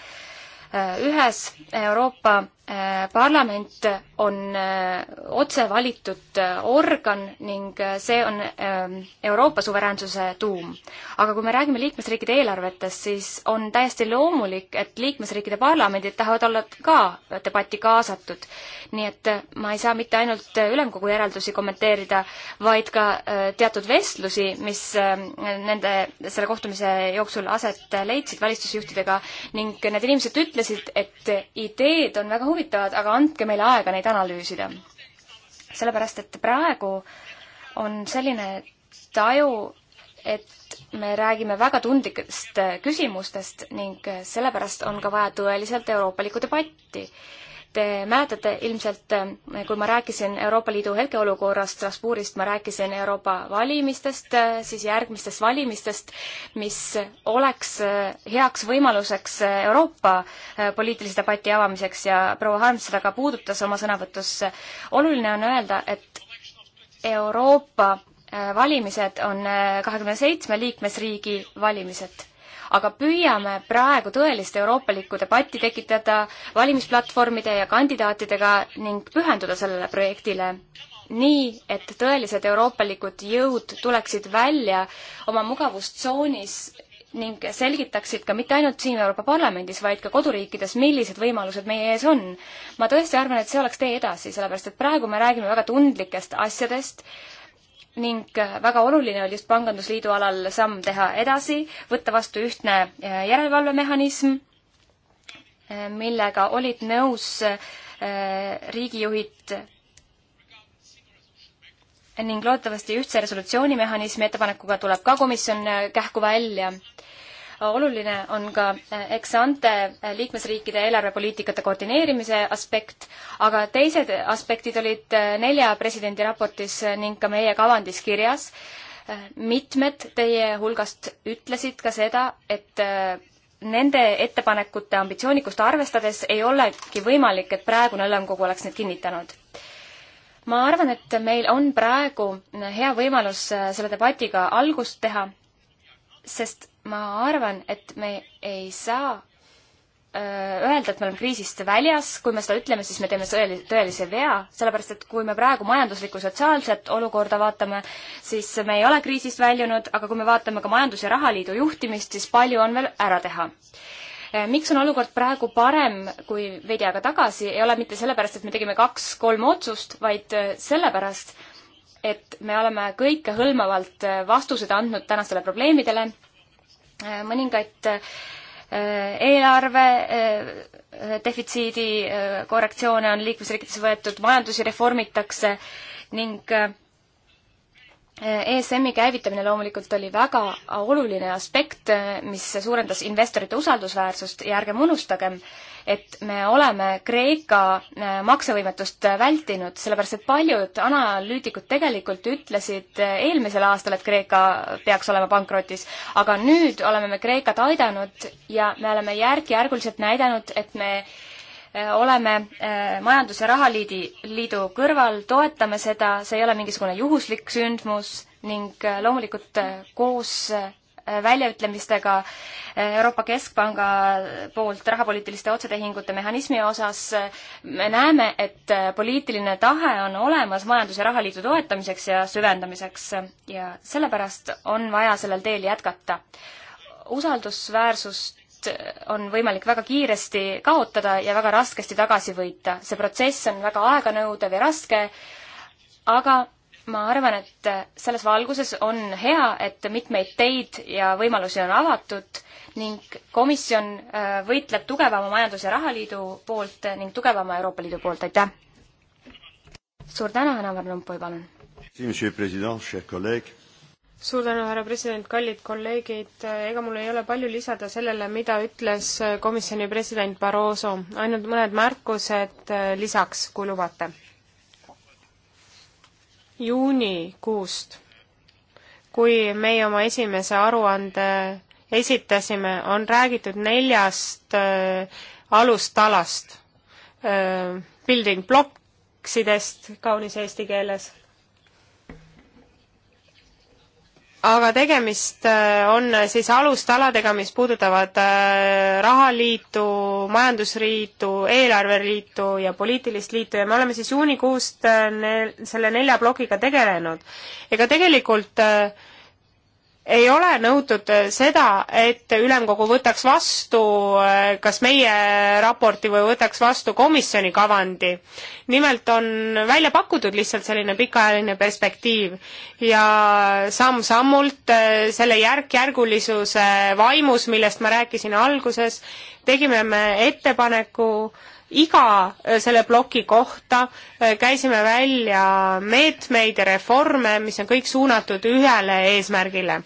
äh, ühes Euroopa Äh, parlament on äh, otse valitud äh, organ ning see on ähm, Euroopa suveräänsuse tuum. aga kui me räägime liikmesriikide eelarvetest, siis on täiesti loomulik, et liikmesriikide parlamendid tahavad olla ka debatti kaasatud. nii et ma ei saa mitte ainult ülemkogu järeldusi kommenteerida, vaid ka teatud vestlusi, mis ähm, nende, selle kohtumise jooksul aset leidsid valitsusjuhtidega ning need inimesed ütlesid, et ideed on väga huvitavad, aga andke meile aega neid analüüsida. sellepärast, et praegu on selline taju, et me räägime väga tundlikest küsimustest ning sellepärast on ka vaja tõeliselt euroopalikku debatti Te mäletate ilmselt, kui ma rääkisin Euroopa Liidu hetkeolukorrast Strasbourgist, ma rääkisin Euroopa valimistest, siis järgmistest valimistest, mis oleks heaks võimaluseks Euroopa äh, poliitilise debati avamiseks ja proua Harms seda ka puudutas oma sõnavõtus. oluline on öelda, et Euroopa äh, valimised on äh, kahekümne seitsme liikmesriigi valimised aga püüame praegu tõelist euroopalikku debatti tekitada valimisplatvormide ja kandidaatidega ning pühenduda sellele projektile nii, et tõelised euroopalikud jõud tuleksid välja oma mugavustsoonis ning selgitaksid ka mitte ainult siin Euroopa Parlamendis, vaid ka koduriikides, millised võimalused meie ees on. ma tõesti arvan, et see oleks tee edasi, sellepärast et praegu me räägime väga tundlikest asjadest, ning äh, väga oluline oli just Pangandusliidu alal samm teha edasi, võtta vastu ühtne äh, järelevalvemehhanism, äh, millega olid nõus riigijuhid ning loodetavasti ühtse resolutsioonimehhanismi ettepanekuga tuleb ka komisjon kähku välja oluline on ka ex-ante eh, eh, liikmesriikide eelarvepoliitikate koordineerimise aspekt, aga teised aspektid olid eh, nelja presidendi raportis ning ka meie kavandis kirjas. mitmed teie hulgast ütlesid ka seda, et nende ettepanekute ambitsioonikust arvestades ei olegi võimalik, et praegune ülemkogu oleks need kinnitanud ma arvan, et meil on praegu hea võimalus selle debatiga algust teha, sest ma arvan, et me ei saa öelda, et me oleme kriisist väljas, kui me seda ütleme, siis me teeme sõeli, tõelise vea, sellepärast et kui me praegu majanduslikku, sotsiaalset olukorda vaatame, siis me ei ole kriisist väljunud, aga kui me vaatame ka Majandus- ja Rahaliidu juhtimist, siis palju on veel ära teha. miks on olukord praegu parem kui veidi aega tagasi, ei ole mitte sellepärast, et me tegime kaks-kolm otsust, vaid sellepärast, et me oleme kõikehõlmavalt vastused andnud tänastele probleemidele Äh, mõningaid äh, eelarve äh, defitsiidi korrektsioone on liikmesriikides võetud, majandusi reformitakse ning ESM-i käivitamine loomulikult oli väga oluline aspekt, mis suurendas investorite usaldusväärsust ja ärgem unustagem, et me oleme Kreeka äh, maksevõimetust vältinud, sellepärast et paljud analüütikud tegelikult ütlesid äh, eelmisel aastal, et Kreeka peaks olema pankrotis, aga nüüd oleme me Kreekat aidanud ja me oleme järk-järguliselt näidanud, et me Eh, oleme eh, Majandus- ja Rahaliidi, liidu kõrval, toetame seda, see ei ole mingisugune juhuslik sündmus ning eh, loomulikult koos väljaütlemistega Euroopa Keskpanga poolt rahapoliitiliste otsetehingute mehhanismi osas me näeme, et poliitiline tahe on olemas Majandus- ja Rahaliidu toetamiseks ja süvendamiseks ja sellepärast on vaja sellel teel jätkata. usaldusväärsust usaldust on võimalik väga kiiresti kaotada ja väga raskesti tagasi võita. see protsess on väga aeganõudev ja raske, aga ma arvan, et selles valguses on hea, et mitmeid teid ja võimalusi on avatud ning komisjon äh, võitleb tugevama Majandus- ja Rahaliidu poolt ning tugevama Euroopa Liidu poolt, aitäh! suur tänu, Hanna Varnumpoi, palun! suur tänu, härra president, kallid kolleegid, ega mul ei ole palju lisada sellele, mida ütles komisjoni president Barroso, ainult mõned märkused eh, lisaks, kui lubate. juunikuust, kui meie oma esimese aruande esitasime, on räägitud neljast äh, alustalast äh,, building blocksidest kaunis eesti keeles aga tegemist äh, on äh, siis alustaladega, mis puudutavad äh, rahaliitu, majandusliitu, eelarveliitu ja poliitilist liitu ja me oleme siis juunikuust ne selle nelja plokiga tegelenud. ega tegelikult äh, ei ole nõutud äh, seda, et ülemkogu võtaks vastu äh, kas meie raporti või võtaks vastu komisjoni kavandi. nimelt on välja pakutud lihtsalt selline pikaajaline perspektiiv ja samm-sammult äh, selle järk-järgulisuse vaimus, millest ma rääkisin alguses, tegime me ettepaneku iga selle ploki kohta käisime välja meetmeid ja reforme, mis on kõik suunatud ühele eesmärgile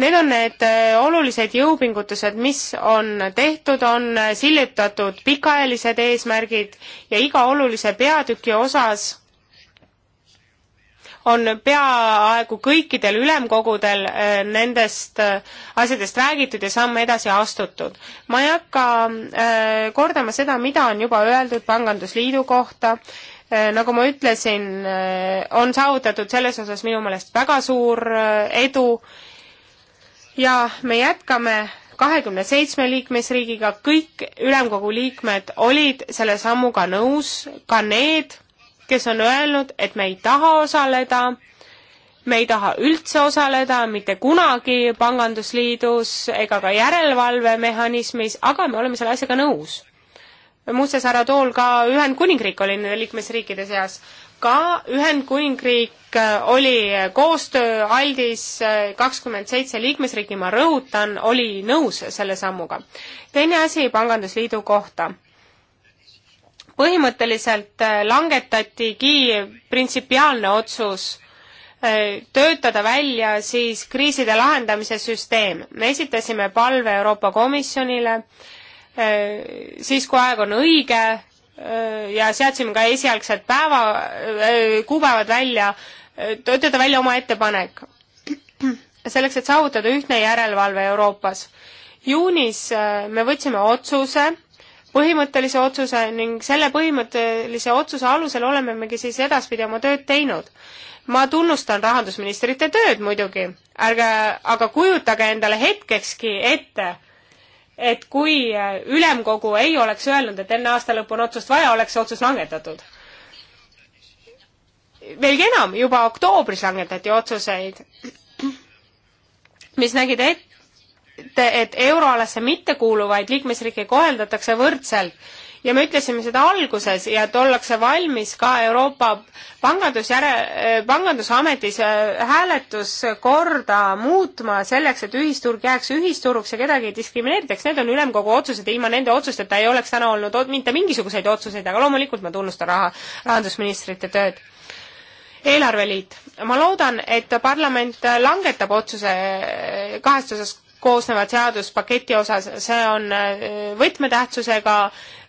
Need on need äh, olulised jõupingutused, mis on tehtud, on äh, sillutatud pikaajalised eesmärgid ja iga olulise peatüki osas on peaaegu kõikidel ülemkogudel äh, nendest asjadest räägitud ja samme edasi astutud. ma ei hakka kordama seda, mida on juba öeldud Pangandusliidu kohta, nagu ma ütlesin, on saavutatud selles osas minu meelest väga suur edu ja me jätkame kahekümne seitsme liikmesriigiga, kõik ülemkogu liikmed olid selle sammuga nõus, ka need, kes on öelnud, et me ei taha osaleda, me ei taha üldse osaleda mitte kunagi Pangandusliidus ega ka järelevalvemehhanismis, aga me oleme selle asjaga nõus. muuseas, härra Tool, ka Ühendkuningriik oli nende liikmesriikide seas ka Ühendkuningriik äh, oli koostööaldis, äh, kakskümmend seitse liikmesriiki, ma rõhutan, oli nõus selle sammuga. teine asi Pangandusliidu kohta. põhimõtteliselt äh, langetatigi printsipiaalne otsus töötada välja siis kriiside lahendamise süsteem. me esitasime palve Euroopa Komisjonile, siis kui aeg on õige, Äh, ja seadsime ka esialgsed päeva, äh, kuupäevad välja, äh, töötada välja oma ettepanek. [clears throat] selleks, et saavutada ühtne järelevalve Euroopas. juunis me võtsime otsuse, põhimõttelise otsuse ning selle põhimõttelise otsuse alusel olemegi siis edaspidi oma tööd teinud. ma tunnustan rahandusministrite tööd muidugi, ärge, aga kujutage endale hetkekski ette, et kui äh, ülemkogu ei oleks öelnud, et enne aasta lõppu on otsust vaja, oleks see otsus langetatud. veelgi enam, juba oktoobris langetati otsuseid, mis nägid ette, et, et euroalasse mittekuuluvaid liikmesriike koheldatakse võrdselt ja me ütlesime seda alguses ja et ollakse valmis ka Euroopa pangandusjäre-, äh, pangandusametis äh, hääletuskorda muutma selleks, et ühisturg jääks ühisturuks ja kedagi ei diskrimineeritaks, need on ülemkogu otsused ja ilma nende otsusteta ei oleks täna olnud mitte mingisuguseid otsuseid, aga loomulikult ma tunnustan raha, rahandusministrite tööd eelarveliit, ma loodan, et parlament langetab otsuse äh, kahest osast koosnevat seaduspaketi osas, see on võtmetähtsusega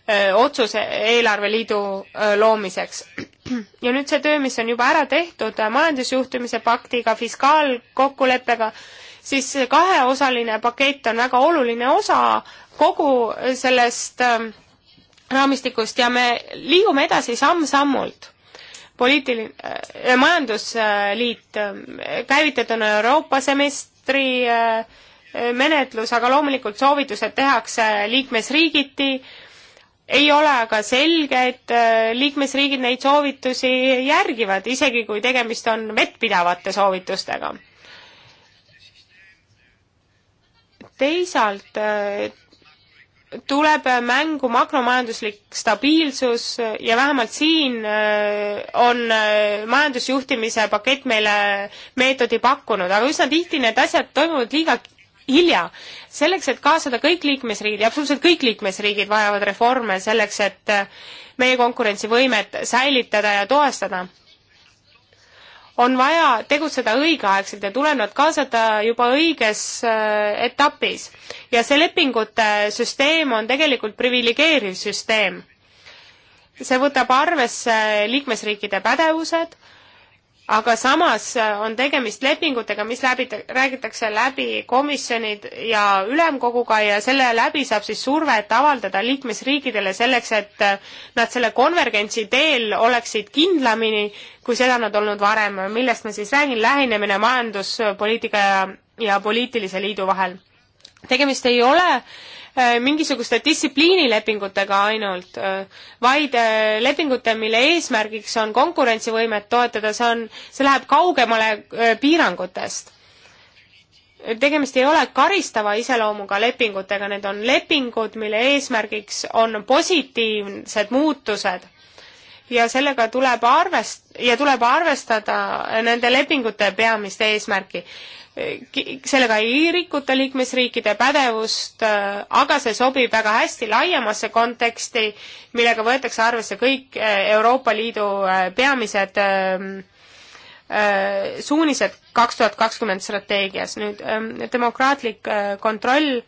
Äh, otsuse eelarveliidu äh, loomiseks. ja nüüd see töö, mis on juba ära tehtud äh, majandusjuhtimise paktiga, fiskaalkokkuleppega, siis see kaheosaline pakett on väga oluline osa kogu sellest ähm, raamistikust ja me liigume edasi samm-sammult. poliitiline äh,, majandusliit äh, käivitatud on Euroopa semestri äh, menetlus, aga loomulikult soovitused tehakse liikmesriigiti äh,, ei ole aga selge, et äh, liikmesriigid neid soovitusi järgivad, isegi kui tegemist on vettpidavate soovitustega. teisalt äh, tuleb mängu makromajanduslik stabiilsus ja vähemalt siin äh, on majandusjuhtimise pakett meile meetodi pakkunud, aga üsna tihti need asjad toimuvad liiga hilja. selleks, et kaasada kõik liikmesriigid ja absoluutselt kõik liikmesriigid vajavad reforme selleks, et äh, meie konkurentsivõimet säilitada ja toestada on vaja tegutseda õigeaegselt ja tuleb nad kaasata juba õiges äh, etapis. ja see lepingute süsteem on tegelikult priviligeeriv süsteem. see võtab arvesse liikmesriikide pädevused aga samas äh, on tegemist lepingutega, mis läbi, räägitakse läbi komisjonid ja ülemkoguga ja selle läbi saab siis survet avaldada liikmesriikidele selleks, et äh, nad selle konvergentsi teel oleksid kindlamini, kui seda nad olnud varem, millest ma siis räägin, lähenemine majanduspoliitika ja, ja poliitilise liidu vahel. tegemist ei ole Äh, mingisuguste distsipliinilepingutega ainult, äh, vaid äh, lepingute, mille eesmärgiks on konkurentsivõimet toetada, see on, see läheb kaugemale piirangutest. tegemist ei ole karistava iseloomuga lepingutega, need on lepingud, mille eesmärgiks on positiivsed muutused ja sellega tuleb arvest- ja tuleb arvestada nende lepingute peamist eesmärki sellega ei rikuta liikmesriikide pädevust, äh, aga see sobib väga hästi laiemasse konteksti, millega võetakse arvesse kõik äh, Euroopa Liidu äh, peamised ähm, suunised kaks tuhat kakskümmend strateegias. nüüd ähm, demokraatlik kontroll,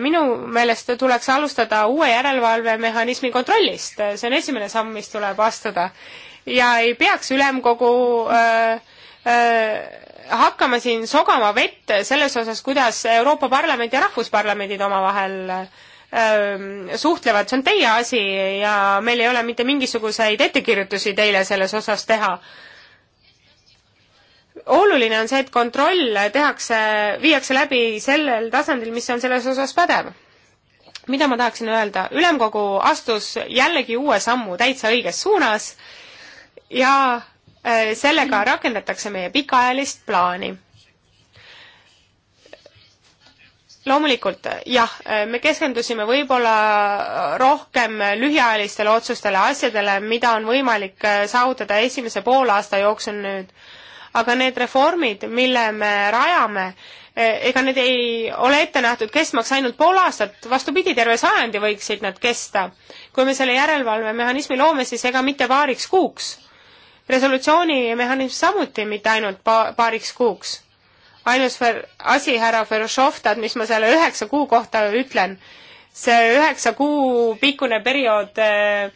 minu meelest tuleks alustada uue järelevalvemehhanismi kontrollist, see on esimene samm, mis tuleb astuda. ja ei peaks ülemkogu öö, öö, hakkama siin sogama vett selles osas, kuidas Euroopa Parlament ja rahvusparlamendid omavahel ähm, suhtlevad, see on teie asi ja meil ei ole mitte mingisuguseid ettekirjutusi teile selles osas teha. oluline on see, et kontroll tehakse, viiakse läbi sellel tasandil, mis on selles osas pädev. mida ma tahaksin öelda, ülemkogu astus jällegi uue sammu täitsa õiges suunas ja Äh, sellega rakendatakse meie pikaajalist plaani. loomulikult jah, äh, me keskendusime võib-olla rohkem lühiajalistele otsustele, asjadele, mida on võimalik äh, saavutada esimese poolaasta jooksul nüüd. aga need reformid, mille me rajame, ega need ei ole ette nähtud kestmaks ainult pool aastat, vastupidi, terve sajandi võiksid nad kesta. kui me selle järelevalvemehhanismi loome, siis ega mitte paariks kuuks resolutsioonimehhanism samuti mitte ainult pa-, paariks kuuks. ainus fer-, asi, härra Ferošovtad, mis ma selle üheksa kuu kohta ütlen, see üheksa kuu pikkune periood äh,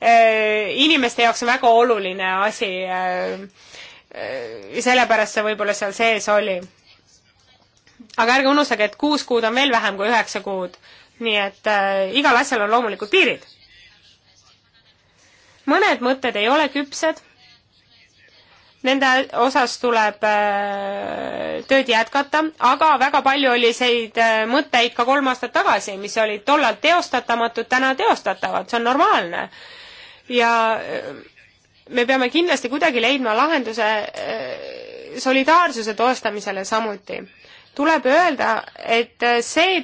äh, inimeste jaoks on väga oluline asi äh,. Äh, sellepärast see võib-olla seal sees oli. aga ärge unustage, et kuus kuud on veel vähem kui üheksa kuud. nii et äh, igal asjal on loomulikult piirid mõned mõtted ei ole küpsed nende osas tuleb äh, tööd jätkata, aga väga palju oli selliseid äh, mõtteid ka kolm aastat tagasi, mis olid tollal teostatamatud, täna teostatavad, see on normaalne. ja äh, me peame kindlasti kuidagi leidma lahenduse solidaarsuse toestamisele samuti. tuleb öelda, et see,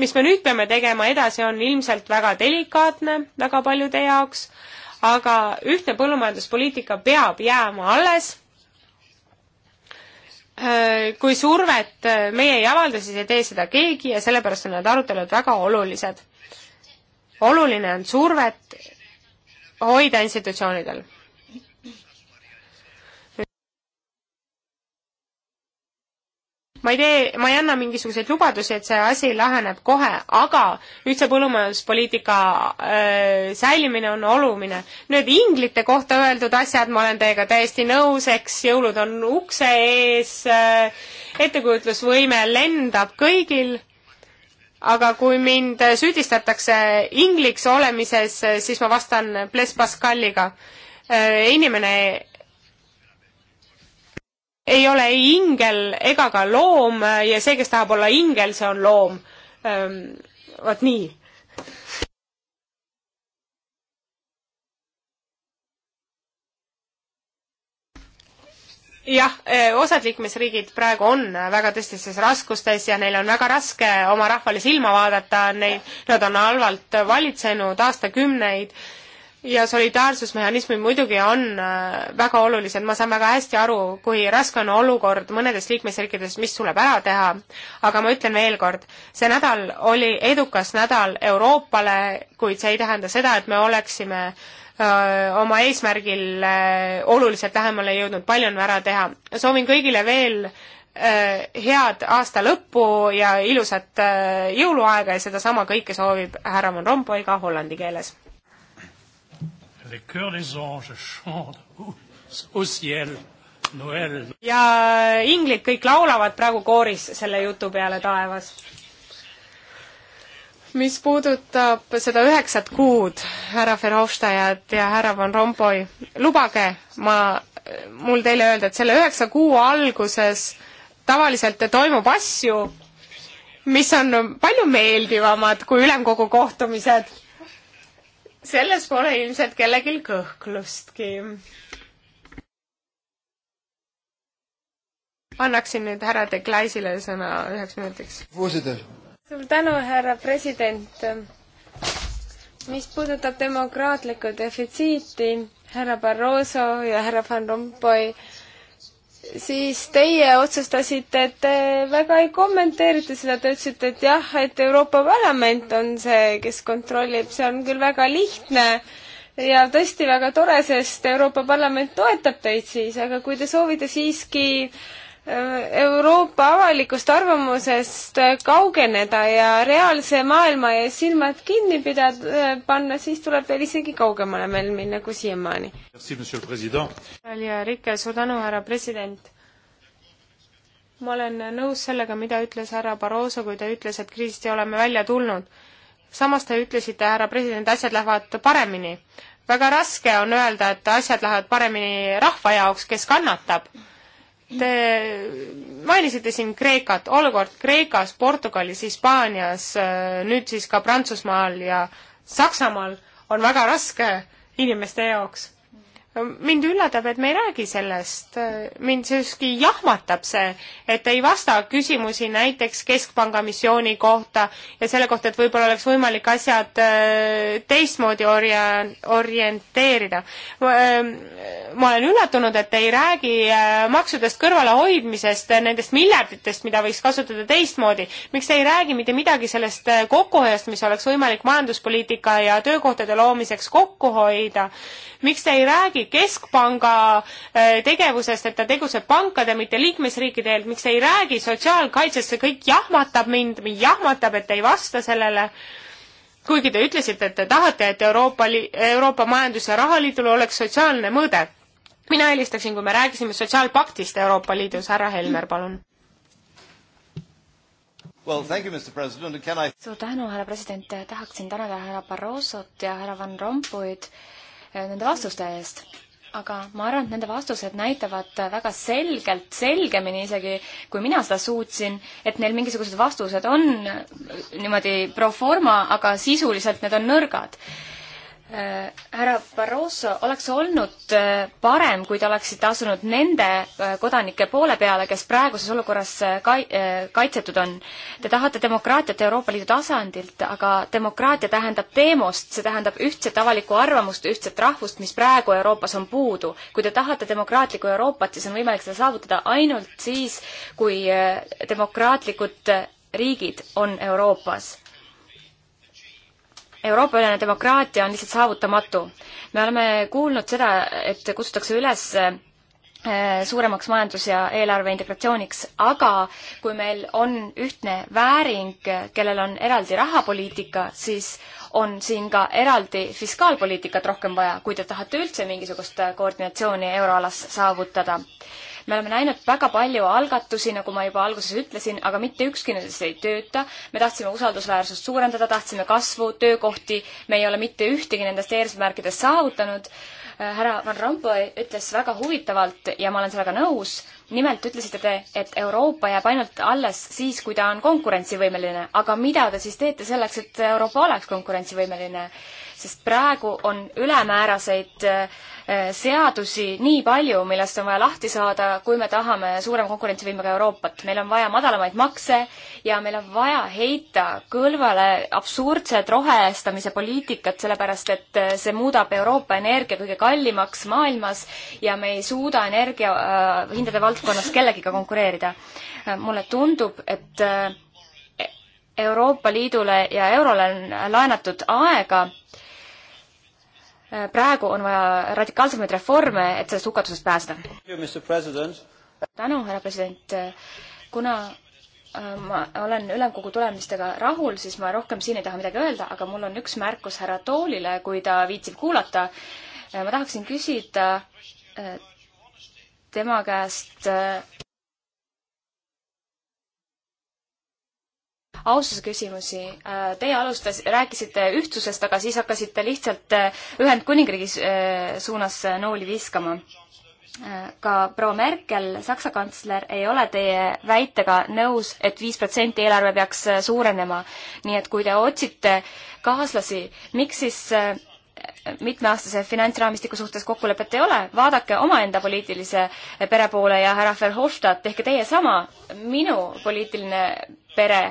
mis me nüüd peame tegema edasi, on ilmselt väga delikaatne väga paljude jaoks aga ühtne põllumajanduspoliitika peab jääma alles. Äh, kui survet äh, meie ei avalda, siis ei tee seda keegi ja sellepärast on need arutelud väga olulised. oluline on survet hoida institutsioonidel ma ei tee, ma ei anna mingisuguseid lubadusi, et see asi laheneb kohe, aga ühtse põllumajanduspoliitika äh, säilimine on oluline. Need inglite kohta öeldud asjad, ma olen teiega täiesti nõus, eks jõulud on ukse ees äh,, ettekujutlusvõime lendab kõigil, aga kui mind süüdistatakse ingliks olemises, siis ma vastan Blaise Pascaliga äh,. inimene ei ole ei ingel ega ka loom ja see, kes tahab olla ingel, see on loom. Ehm, vot nii. jah, eh, osad liikmesriigid praegu on väga tõsistes raskustes ja neil on väga raske oma rahvale silma vaadata, neid, nad on halvalt valitsenud aastakümneid ja solidaarsusmehhanismid muidugi on äh, väga olulised, ma saan väga hästi aru, kui raske on olukord mõnedes liikmesriikides, mis tuleb ära teha, aga ma ütlen veel kord, see nädal oli edukas nädal Euroopale, kuid see ei tähenda seda, et me oleksime öö, äh, oma eesmärgil öö, oluliselt lähemale jõudnud, palju on ära teha. soovin kõigile veel öö, äh, head aasta lõppu ja ilusat öö, jõuluaega ja sedasama kõike soovib härra Van Rompuy ka hollandi keeles les chœurs des anges chantent au ciel Noel. ja inglid kõik laulavad praegu kooris selle jutu peale taevas. mis puudutab seda üheksat kuud, härra Verhofstajat ja härra Van Rompuy, lubage ma, mul teile öelda, et selle üheksa kuu alguses tavaliselt toimub asju, mis on palju meeldivamad kui ülemkogu kohtumised selles pole ilmselt kellelgi kõhklustki. annaksin nüüd härra De Klaisile sõna üheks minutiks. suur tänu, härra president. mis puudutab demokraatlikku defitsiiti, härra Barroso ja härra Van Rompuy äh, siis teie otsustasite, et te väga ei kommenteerita seda, te ütlesite, et jah, et Euroopa Parlament on see, kes kontrollib, see on küll väga lihtne ja tõesti väga tore, sest Euroopa Parlament toetab teid siis, aga kui te soovite siiski äh, Euroopa avalikust arvamusest kaugeneda ja reaalse maailma ees silmad kinni pidada, panna, siis tuleb veel isegi kaugemale meil minna kui siiamaani. ja Rike, suur tänu, härra president! ma olen nõus sellega, mida ütles härra Barroso, kui ta ütles, et kriisist ei ole me välja tulnud. samas te ütlesite, härra president, asjad lähevad paremini. väga raske on öelda, et asjad lähevad paremini rahva jaoks, kes kannatab Te mainisite siin Kreekat, olukord Kreekas, Portugalis, Hispaanias, äh, nüüd siis ka Prantsusmaal ja Saksamaal on väga raske inimeste jaoks mind üllatab, et me ei räägi sellest, mind siiski jahmatab see, et ei vasta küsimusi näiteks Keskpanga missiooni kohta ja selle kohta, et võib-olla oleks võimalik asjad äh, teistmoodi orja-, orienteerida. Äh, ma olen üllatunud, et ei räägi äh, maksudest kõrvalehoidmisest, nendest miljarditest, mida võiks kasutada teistmoodi. miks te ei räägi mitte midagi sellest kokkuhoiust, mis oleks võimalik majanduspoliitika ja töökohtade loomiseks kokku hoida? miks te ei räägi riigi keskpanga äh, tegevusest, et ta tegutseb pankade, mitte liikmesriikide eelt, miks te ei räägi sotsiaalkaitsest, see kõik jahmatab mind, mind jahmatab, et te ei vasta sellele. kuigi te ütlesite, et te tahate, et Euroopa, Euroopa Majandus- ja Rahaliidul oleks sotsiaalne mõõde. mina eelistaksin, kui me rääkisime sotsiaalpaktist Euroopa Liidus, härra Helmer, palun Well, you, I... suur tänu, härra president, tahaksin tänada härra Barrosot ja härra Van Rompuyd Äh, nende vastuste eest. aga ma arvan, et nende vastused näitavad väga selgelt, selgemini isegi, kui mina seda suutsin, et neil mingisugused vastused on niimoodi pro forma, aga sisuliselt need on nõrgad Äh, härra Barroso, oleks olnud äh, parem, kui te oleksite asunud nende äh, kodanike poole peale, kes praeguses olukorras kai-, kaitsetud on. Te tahate demokraatiat Euroopa Liidu tasandilt, aga demokraatia tähendab teemost, see tähendab ühtset avalikku arvamust, ühtset rahvust, mis praegu Euroopas on puudu. kui te tahate demokraatlikku Euroopat, siis on võimalik seda saavutada ainult siis, kui demokraatlikud riigid on Euroopas Euroopa-ülene demokraatia on lihtsalt saavutamatu. me oleme kuulnud seda, et kutsutakse üles äh, suuremaks majandus- ja eelarve integratsiooniks, aga kui meil on ühtne vääring, kellel on eraldi rahapoliitika, siis on siin ka eraldi fiskaalpoliitikat rohkem vaja, kui te tahate üldse mingisugust äh, koordinatsiooni euroalas saavutada me oleme näinud väga palju algatusi, nagu ma juba alguses ütlesin, aga mitte ükski nendest ei tööta. me tahtsime usaldusväärsust suurendada, tahtsime kasvu, töökohti, me ei ole mitte ühtegi nendest eesmärkidest saavutanud. Äh, härra Van Rompuy ütles väga huvitavalt ja ma olen sellega nõus, nimelt ütlesite te, et Euroopa jääb ainult alles siis, kui ta on konkurentsivõimeline, aga mida te siis teete selleks, et Euroopa oleks konkurentsivõimeline? sest praegu on ülemääraseid äh, seadusi nii palju, millest on vaja lahti saada, kui me tahame suurema konkurentsivõimega Euroopat. meil on vaja madalamaid makse ja meil on vaja heita kõrvale absurdset rohestamise poliitikat, sellepärast et äh, see muudab Euroopa energia kõige kallimaks maailmas ja me ei suuda energiahindade äh, valdkonnas kellegiga konkureerida. Äh, mulle tundub, et äh, Euroopa Liidule ja Eurole on laenatud aega Äh, praegu on vaja radikaalsemaid reforme, et sellest hukatusest pääseda. tänu, härra president. kuna äh, ma olen ülemkogu tulemistega rahul, siis ma rohkem siin ei taha midagi öelda, aga mul on üks märkus härra Toolile, kui ta viitsib kuulata. Äh, ma tahaksin küsida tema käest aususe küsimusi. Äh, teie alustas, rääkisite ühtsusest, aga siis hakkasite lihtsalt äh, Ühendkuningriigi äh, suunas nooli viskama. ka proua Merkel, Saksa kantsler, ei ole teie väitega nõus et, et viis protsenti eelarve peaks suurenema. nii et kui te otsite kaaslasi, miks siis mitmeaastase finantsraamistiku suhtes kokkulepet ei ole, vaadake omaenda poliitilise pere poole ja härra Verhofstadt, tehke teie sama. minu poliitiline pere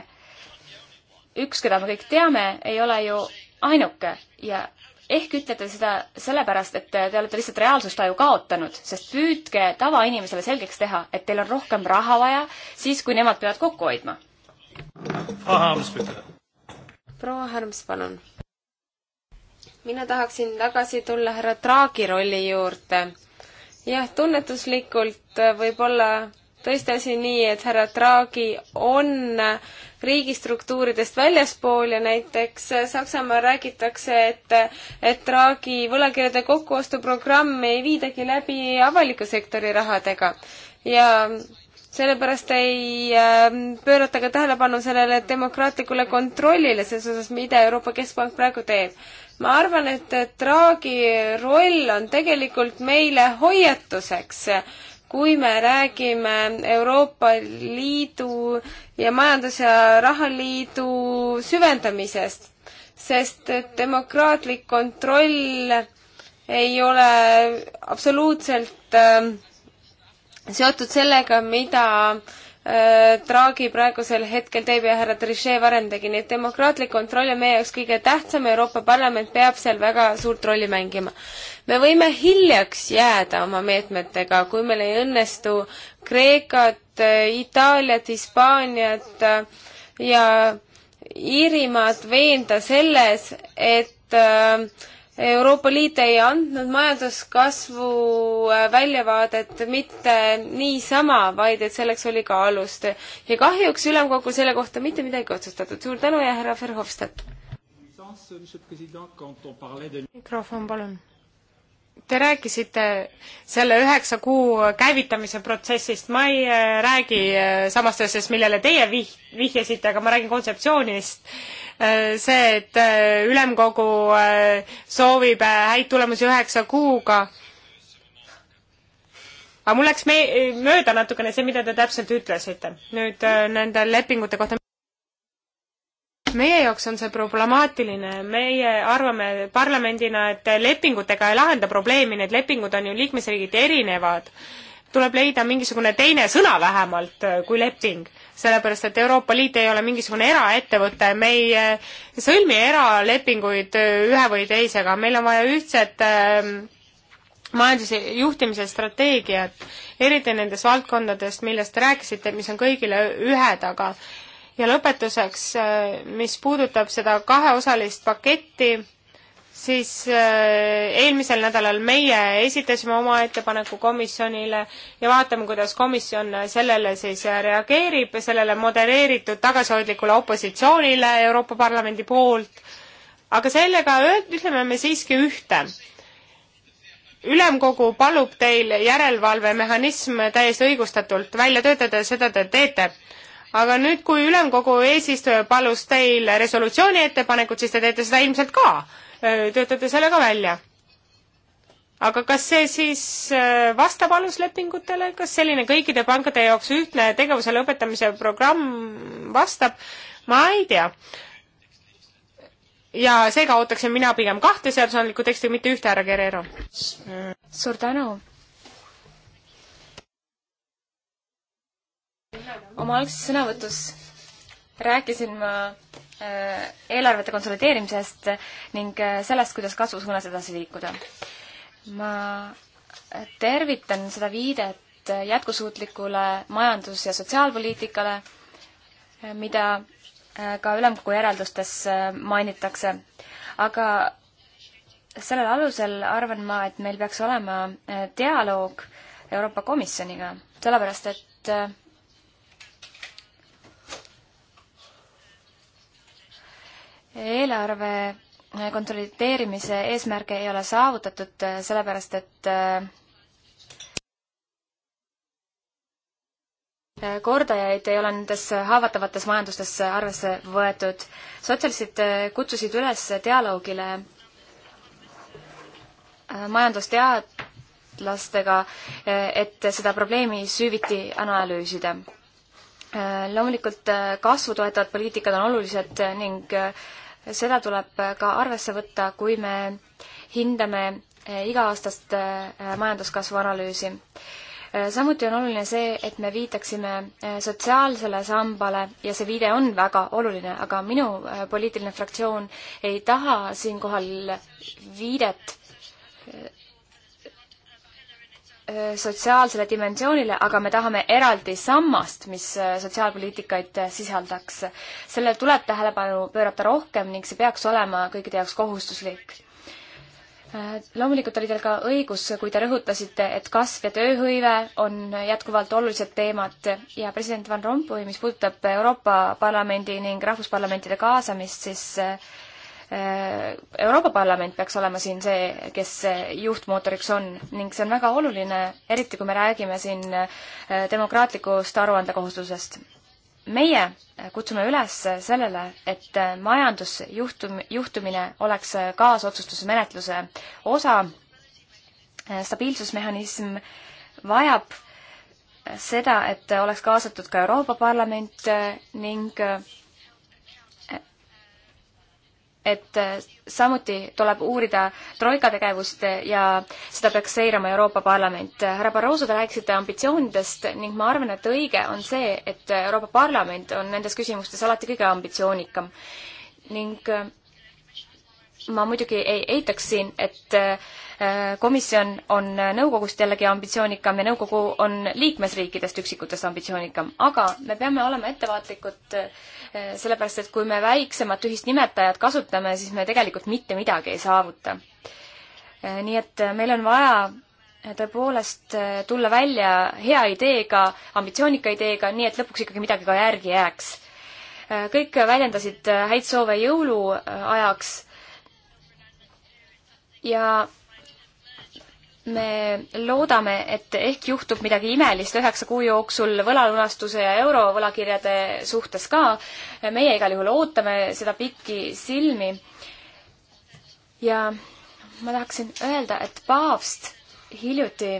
üks, keda me kõik teame, ei ole ju ainuke ja ehk ütlete seda sellepärast, et te olete lihtsalt reaalsustaju kaotanud, sest püüdke tavainimesele selgeks teha, et teil on rohkem raha vaja siis, kui nemad peavad kokku hoidma. proua Härms, palun. mina tahaksin tagasi tulla härra Draagi rolli juurde. jah, tunnetuslikult võib-olla tõesti asi nii, et härra Draghi on riigistruktuuridest väljaspool ja näiteks Saksamaal räägitakse, et, et Draghi võlakirjade kokkuostuprogramm ei viidagi läbi avaliku sektori rahadega ja sellepärast ei ähm, pöörata ka tähelepanu sellele demokraatlikule kontrollile selles osas, mida Euroopa Keskpank praegu teeb. ma arvan, et Draghi roll on tegelikult meile hoiatuseks kui me räägime Euroopa Liidu ja Majandus- ja Rahaliidu süvendamisest, sest et demokraatlik kontroll ei ole absoluutselt äh, seotud sellega, mida äh, Draghi praegusel hetkel teeb ja härra Trichet varem tegi, nii et demokraatlik kontroll on meie jaoks kõige tähtsam, Euroopa Parlament peab seal väga suurt rolli mängima me võime hiljaks jääda oma meetmetega, kui meil ei õnnestu Kreekat, Itaaliat, Hispaaniat ja Iirimaad veenda selles, et äh, Euroopa Liit ei andnud majanduskasvu äh, väljavaadet mitte niisama, vaid et selleks oli ka alust. ja kahjuks ülemkogul selle kohta mitte midagi otsustatud. suur tänu ja härra Verhofstadt! mikrofon, palun Te rääkisite selle üheksa kuu käivitamise protsessist, ma ei äh, räägi äh, samast asjast, millele teie vih-, vihjasite, aga ma räägin kontseptsioonist. Äh, see, et ülemkogu soovib häid tulemusi üheksa kuuga. aga mul läks me-, mööda natukene see, mida te täpselt ütlesite. nüüd nende lepingute kohta meie jaoks on see problemaatiline, meie arvame parlamendina, et lepingutega ei lahenda probleemi, need lepingud on ju liikmesriigiti erinevad. tuleb leida mingisugune teine sõna vähemalt äh, kui leping, sellepärast et Euroopa Liit ei ole mingisugune eraettevõte, me ei äh, sõlmi eralepinguid äh, ühe või teisega, meil on vaja ühtset ähm, majanduse juhtimise strateegiat, eriti nendes valdkondades, millest te rääkisite, mis on kõigile ühed, aga ja lõpetuseks, äh, mis puudutab seda kaheosalist paketti, siis äh, eelmisel nädalal meie esitasime oma ettepaneku komisjonile ja vaatame, kuidas komisjon sellele siis reageerib, sellele modereeritud tagasihoidlikule opositsioonile Euroopa Parlamendi poolt. aga sellega ütleme me siiski ühte. ülemkogu palub teil järelevalvemehhanism täiesti õigustatult välja töötada ja seda te teete aga nüüd, kui ülemkogu eesistuja palus teil resolutsiooni ettepanekut, siis te teete seda ilmselt ka, töötate selle ka välja. aga kas see siis vastab aluslepingutele, kas selline kõikide pankade jaoks ühtne tegevuse lõpetamise programm vastab, ma ei tea ja seega ootaksin mina pigem kahte seadusandlikku teksti, mitte ühte, härra Guerrero. suur tänu oma algses sõnavõtus rääkisin ma äh, eelarvete konsolideerimisest ning äh, sellest, kuidas kasvusuunas edasi liikuda. ma tervitan seda viidet jätkusuutlikule majandus- ja sotsiaalpoliitikale, äh, mida ka ülemkogu järeldustes mainitakse. aga sellel alusel arvan ma, et meil peaks olema dialoog Euroopa Komisjoniga, sellepärast et eelarve konsolideerimise eesmärke ei ole saavutatud, äh, sellepärast et äh, äh, kordajaid ei ole nendes haavatavates majandustes arvesse võetud. sotsialistid kutsusid üles dialoogile majandusteadlastega, et seda probleemi süüviti analüüsida Äh, loomulikult äh, kasvu toetavad poliitikad on olulised äh, ning seda tuleb ka arvesse võtta, kui me hindame iga-aastast majanduskasvu analüüsi. samuti on oluline see, et me viitaksime sotsiaalsele sambale ja see viide on väga oluline, aga minu poliitiline fraktsioon ei taha siinkohal viidet Äh, sotsiaalsele dimensioonile, aga me tahame eraldi sammast, mis äh, sotsiaalpoliitikaid äh, sisaldaks. sellele tuleb tähelepanu pöörata rohkem ning see peaks olema kõikide jaoks kohustuslik. loomulikult oli teil ka õigus, kui te rõhutasite, et kasv ja tööhõive on jätkuvalt olulised teemad ja president Van Rompuy, mis puudutab Euroopa Parlamendi ning rahvusparlamentide kaasamist, siis Euroopa Parlament peaks olema siin see, kes juhtmootoriks on ning see on väga oluline, eriti kui me räägime siin äh, demokraatlikust aruandekohustusest. meie kutsume üles sellele, et äh, majandusjuhtum, juhtumine oleks äh, kaasotsustuse menetluse osa, stabiilsusmehhanism vajab seda, et oleks kaasatud ka Euroopa Parlament ning et äh, samuti tuleb uurida Troika tegevust ja seda peaks seirama Euroopa Parlament. härra Barroso, te rääkisite ambitsioonidest ning ma arvan, et õige on see, et Euroopa Parlament on nendes küsimustes alati kõige ambitsioonikam. ning äh, ma muidugi ei eitaks siin, et äh, Äh, komisjon on äh, nõukogust jällegi ambitsioonikam ja nõukogu on liikmesriikidest üksikutest ambitsioonikam, aga me peame olema ettevaatlikud äh, sellepärast, et kui me väiksemat ühist nimetajat kasutame, siis me tegelikult mitte midagi ei saavuta. nii et meil on vaja tõepoolest tulla välja hea ideega, ambitsioonika ideega, nii et lõpuks ikkagi midagi ka järgi jääks. kõik väljendasid häid soove jõuluajaks ja me loodame, et ehk juhtub midagi imelist üheksa kuu jooksul võlalunastuse ja eurovõlakirjade suhtes ka. meie igal juhul ootame seda pikki silmi. ja ma tahaksin öelda, et paavst hiljuti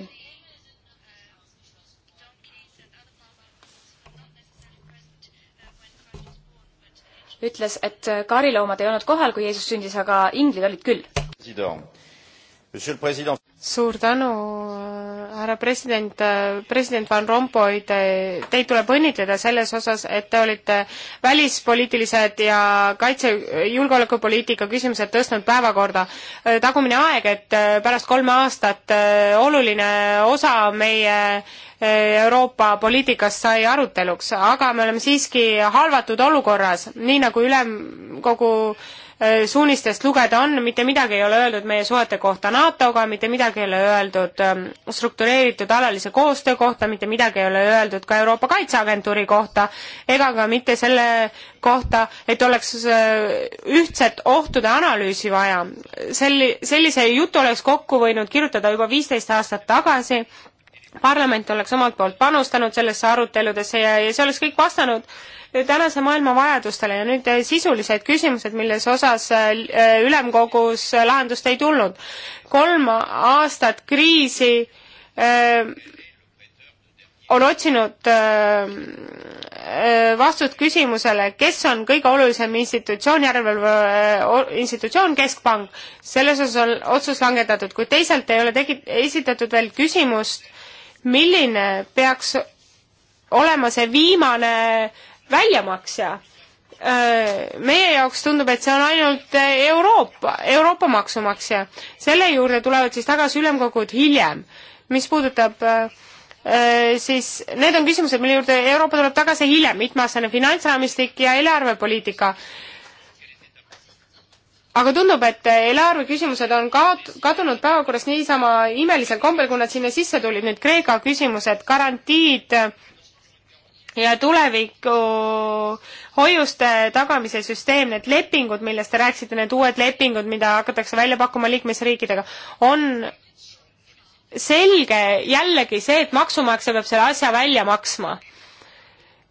ütles, et kariloomad ei olnud kohal, kui Jeesus sündis, aga inglid olid küll. Monsieur le Président suur tänu, härra president, president Van Rompuy, te, teid tuleb õnnitleda selles osas, et te olite välispoliitilised ja kaitse, julgeolekupoliitika küsimused tõstnud päevakorda. tagumine aeg, et pärast kolme aastat oluline osa meie Euroopa poliitikast sai aruteluks, aga me oleme siiski halvatud olukorras, nii nagu ülemkogu äh, Äh, suunistest lugeda on, mitte midagi ei ole öeldud meie suhete kohta NATO-ga, mitte midagi ei ole öeldud ähm, struktureeritud alalise koostöö kohta, mitte midagi ei ole öeldud ka Euroopa Kaitseagentuuri kohta ega ka mitte selle kohta, et oleks äh, ühtset ohtude analüüsi vaja. Selli-, sellise jutu oleks kokku võinud kirjutada juba viisteist aastat tagasi parlament oleks omalt poolt panustanud sellesse aruteludesse ja, ja see oleks kõik vastanud tänase maailma vajadustele ja nüüd eh, sisulised küsimused, milles osas eh, ülemkogus eh, lahendust ei tulnud. kolm aastat kriisi on otsinud vastust küsimusele, kes on kõige olulisem institutsioon, järelevalve institutsioon, keskpank. selles osas on otsus langetatud, kuid teisalt ei ole tegi-, esitatud veel küsimust, milline peaks olema see viimane väljamaksja. meie jaoks tundub, et see on ainult äh, Euroopa, Euroopa maksumaksja. selle juurde tulevad siis tagasi ülemkogud hiljem, mis puudutab äh, äh, siis need on küsimused, mille juurde Euroopa tuleb tagasi hiljem, mitmeaastane finantsraamistik ja eelarvepoliitika aga tundub, et eelarve küsimused on kaot-, kadunud päevakorrast niisama imelisel kombel, kui nad sinna sisse tulid, nüüd Kreeka küsimused, garantiid äh, ja tuleviku hoiuste tagamise süsteem, need lepingud, millest te rääkisite, need uued lepingud, mida hakatakse välja pakkuma liikmesriikidega, on selge jällegi see, et maksumaksja peab selle asja välja maksma.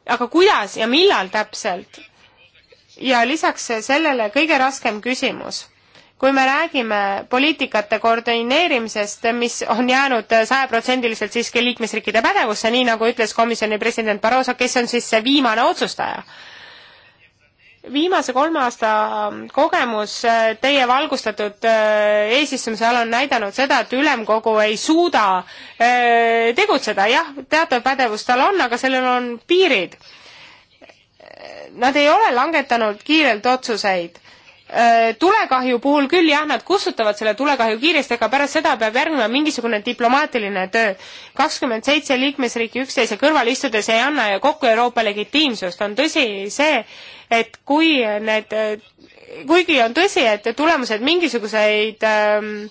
aga kuidas ja millal täpselt? ja lisaks sellele kõige raskem küsimus kui me räägime poliitikate koordineerimisest, mis on jäänud sajaprotsendiliselt siiski liikmesriikide pädevusse, nii nagu ütles komisjoni president Barroso, kes on siis see viimane otsustaja? viimase kolme aasta kogemus teie valgustatud äh, eesistumise all on näidanud seda, et ülemkogu ei suuda äh, tegutseda, jah, teatav pädevus tal on, aga sellel on piirid. Nad ei ole langetanud kiirelt otsuseid Äh, tulekahju puhul küll jah, nad kustutavad selle tulekahju kiiresti, aga pärast seda peab järgnema mingisugune diplomaatiline töö. kakskümmend seitse liikmesriiki üksteise kõrval istudes ei anna ju kokku Euroopa legitiimsust, on tõsi see, et kui need, kuigi on tõsi, et tulemused mingisuguseid ähm,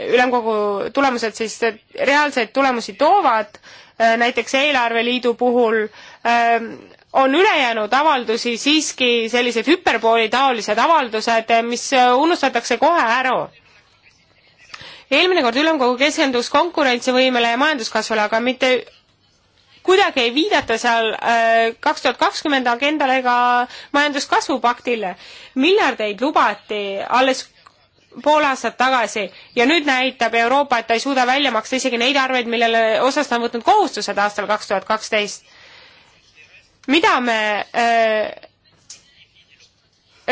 ülemkogu tulemused siis reaalseid tulemusi toovad, äh, näiteks eelarveliidu puhul ähm, on ülejäänud avaldusi siiski sellised hüperboolitaolised avaldused, mis äh, unustatakse kohe ära. eelmine kord ülemkogu keskendus konkurentsivõimele ja majanduskasvule, aga mitte kuidagi ei viidata seal äh, kaks tuhat kakskümmend agendale ega majanduskasvupaktile. miljardeid lubati alles pool aastat tagasi ja nüüd näitab Euroopa, et ta ei suuda välja maksta isegi neid arveid, millele osast on võtnud kohustused aastal kaks tuhat kaksteist mida me äh,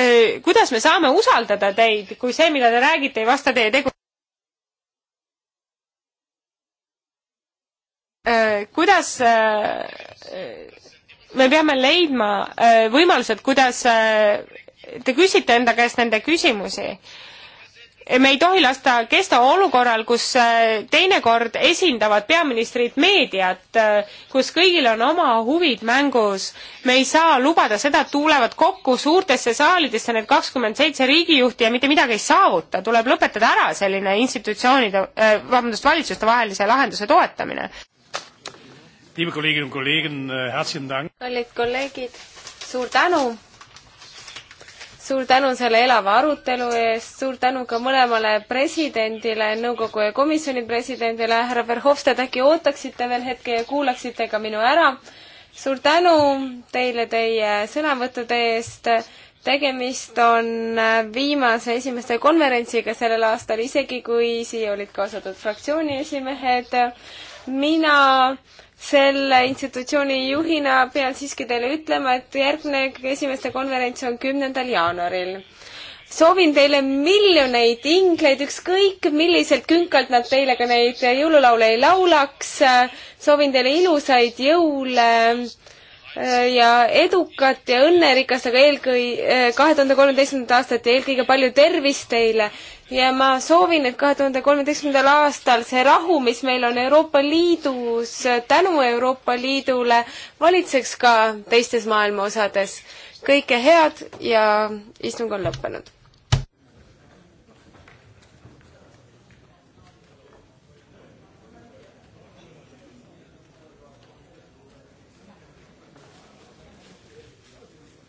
äh, kuidas me saame usaldada teid, kui see, mida te räägite, ei vasta teie tegu-? Äh, kuidas me peame leidma võimalused, kuidas te küsite enda käest nende küsimusi me ei tohi lasta kesta olukorral, kus äh, teinekord esindavad peaministrid meediat, äh, kus kõigil on oma huvid mängus. me ei saa lubada seda, et tulevad kokku suurtesse saalidesse need kakskümmend seitse riigijuhti ja mitte midagi ei saavuta, tuleb lõpetada ära selline institutsioonide, äh, vabandust, valitsustevahelise lahenduse toetamine. kallid kolleegid, suur tänu suur tänu selle elava arutelu eest, suur tänu ka mõlemale presidendile, nõukogu ja komisjoni presidendile, härra Verhofstadt, äkki ootaksite veel hetke ja kuulaksite ka minu ära. suur tänu teile teie sõnavõttude eest tegemist on viimase esimeste konverentsiga sellel aastal, isegi kui siia olid kaasatud fraktsiooni esimehed. mina selle institutsiooni juhina pean siiski teile ütlema, et järgmine esimeste konverents on kümnendal jaanuaril. soovin teile miljoneid ingleid, ükskõik milliselt künkalt nad teile ka neid jõululaule ei laulaks. soovin teile ilusaid jõule ja edukat ja õnnerikast, aga eelkõige eh, kahe tuhande kolmeteistkümnendat aastat ja eelkõige palju tervist teile ja ma soovin, et kahe tuhande kolmeteistkümnendal aastal see rahu, mis meil on Euroopa Liidus tänu Euroopa Liidule, valitseks ka teistes maailma osades. kõike head ja istung on lõppenud.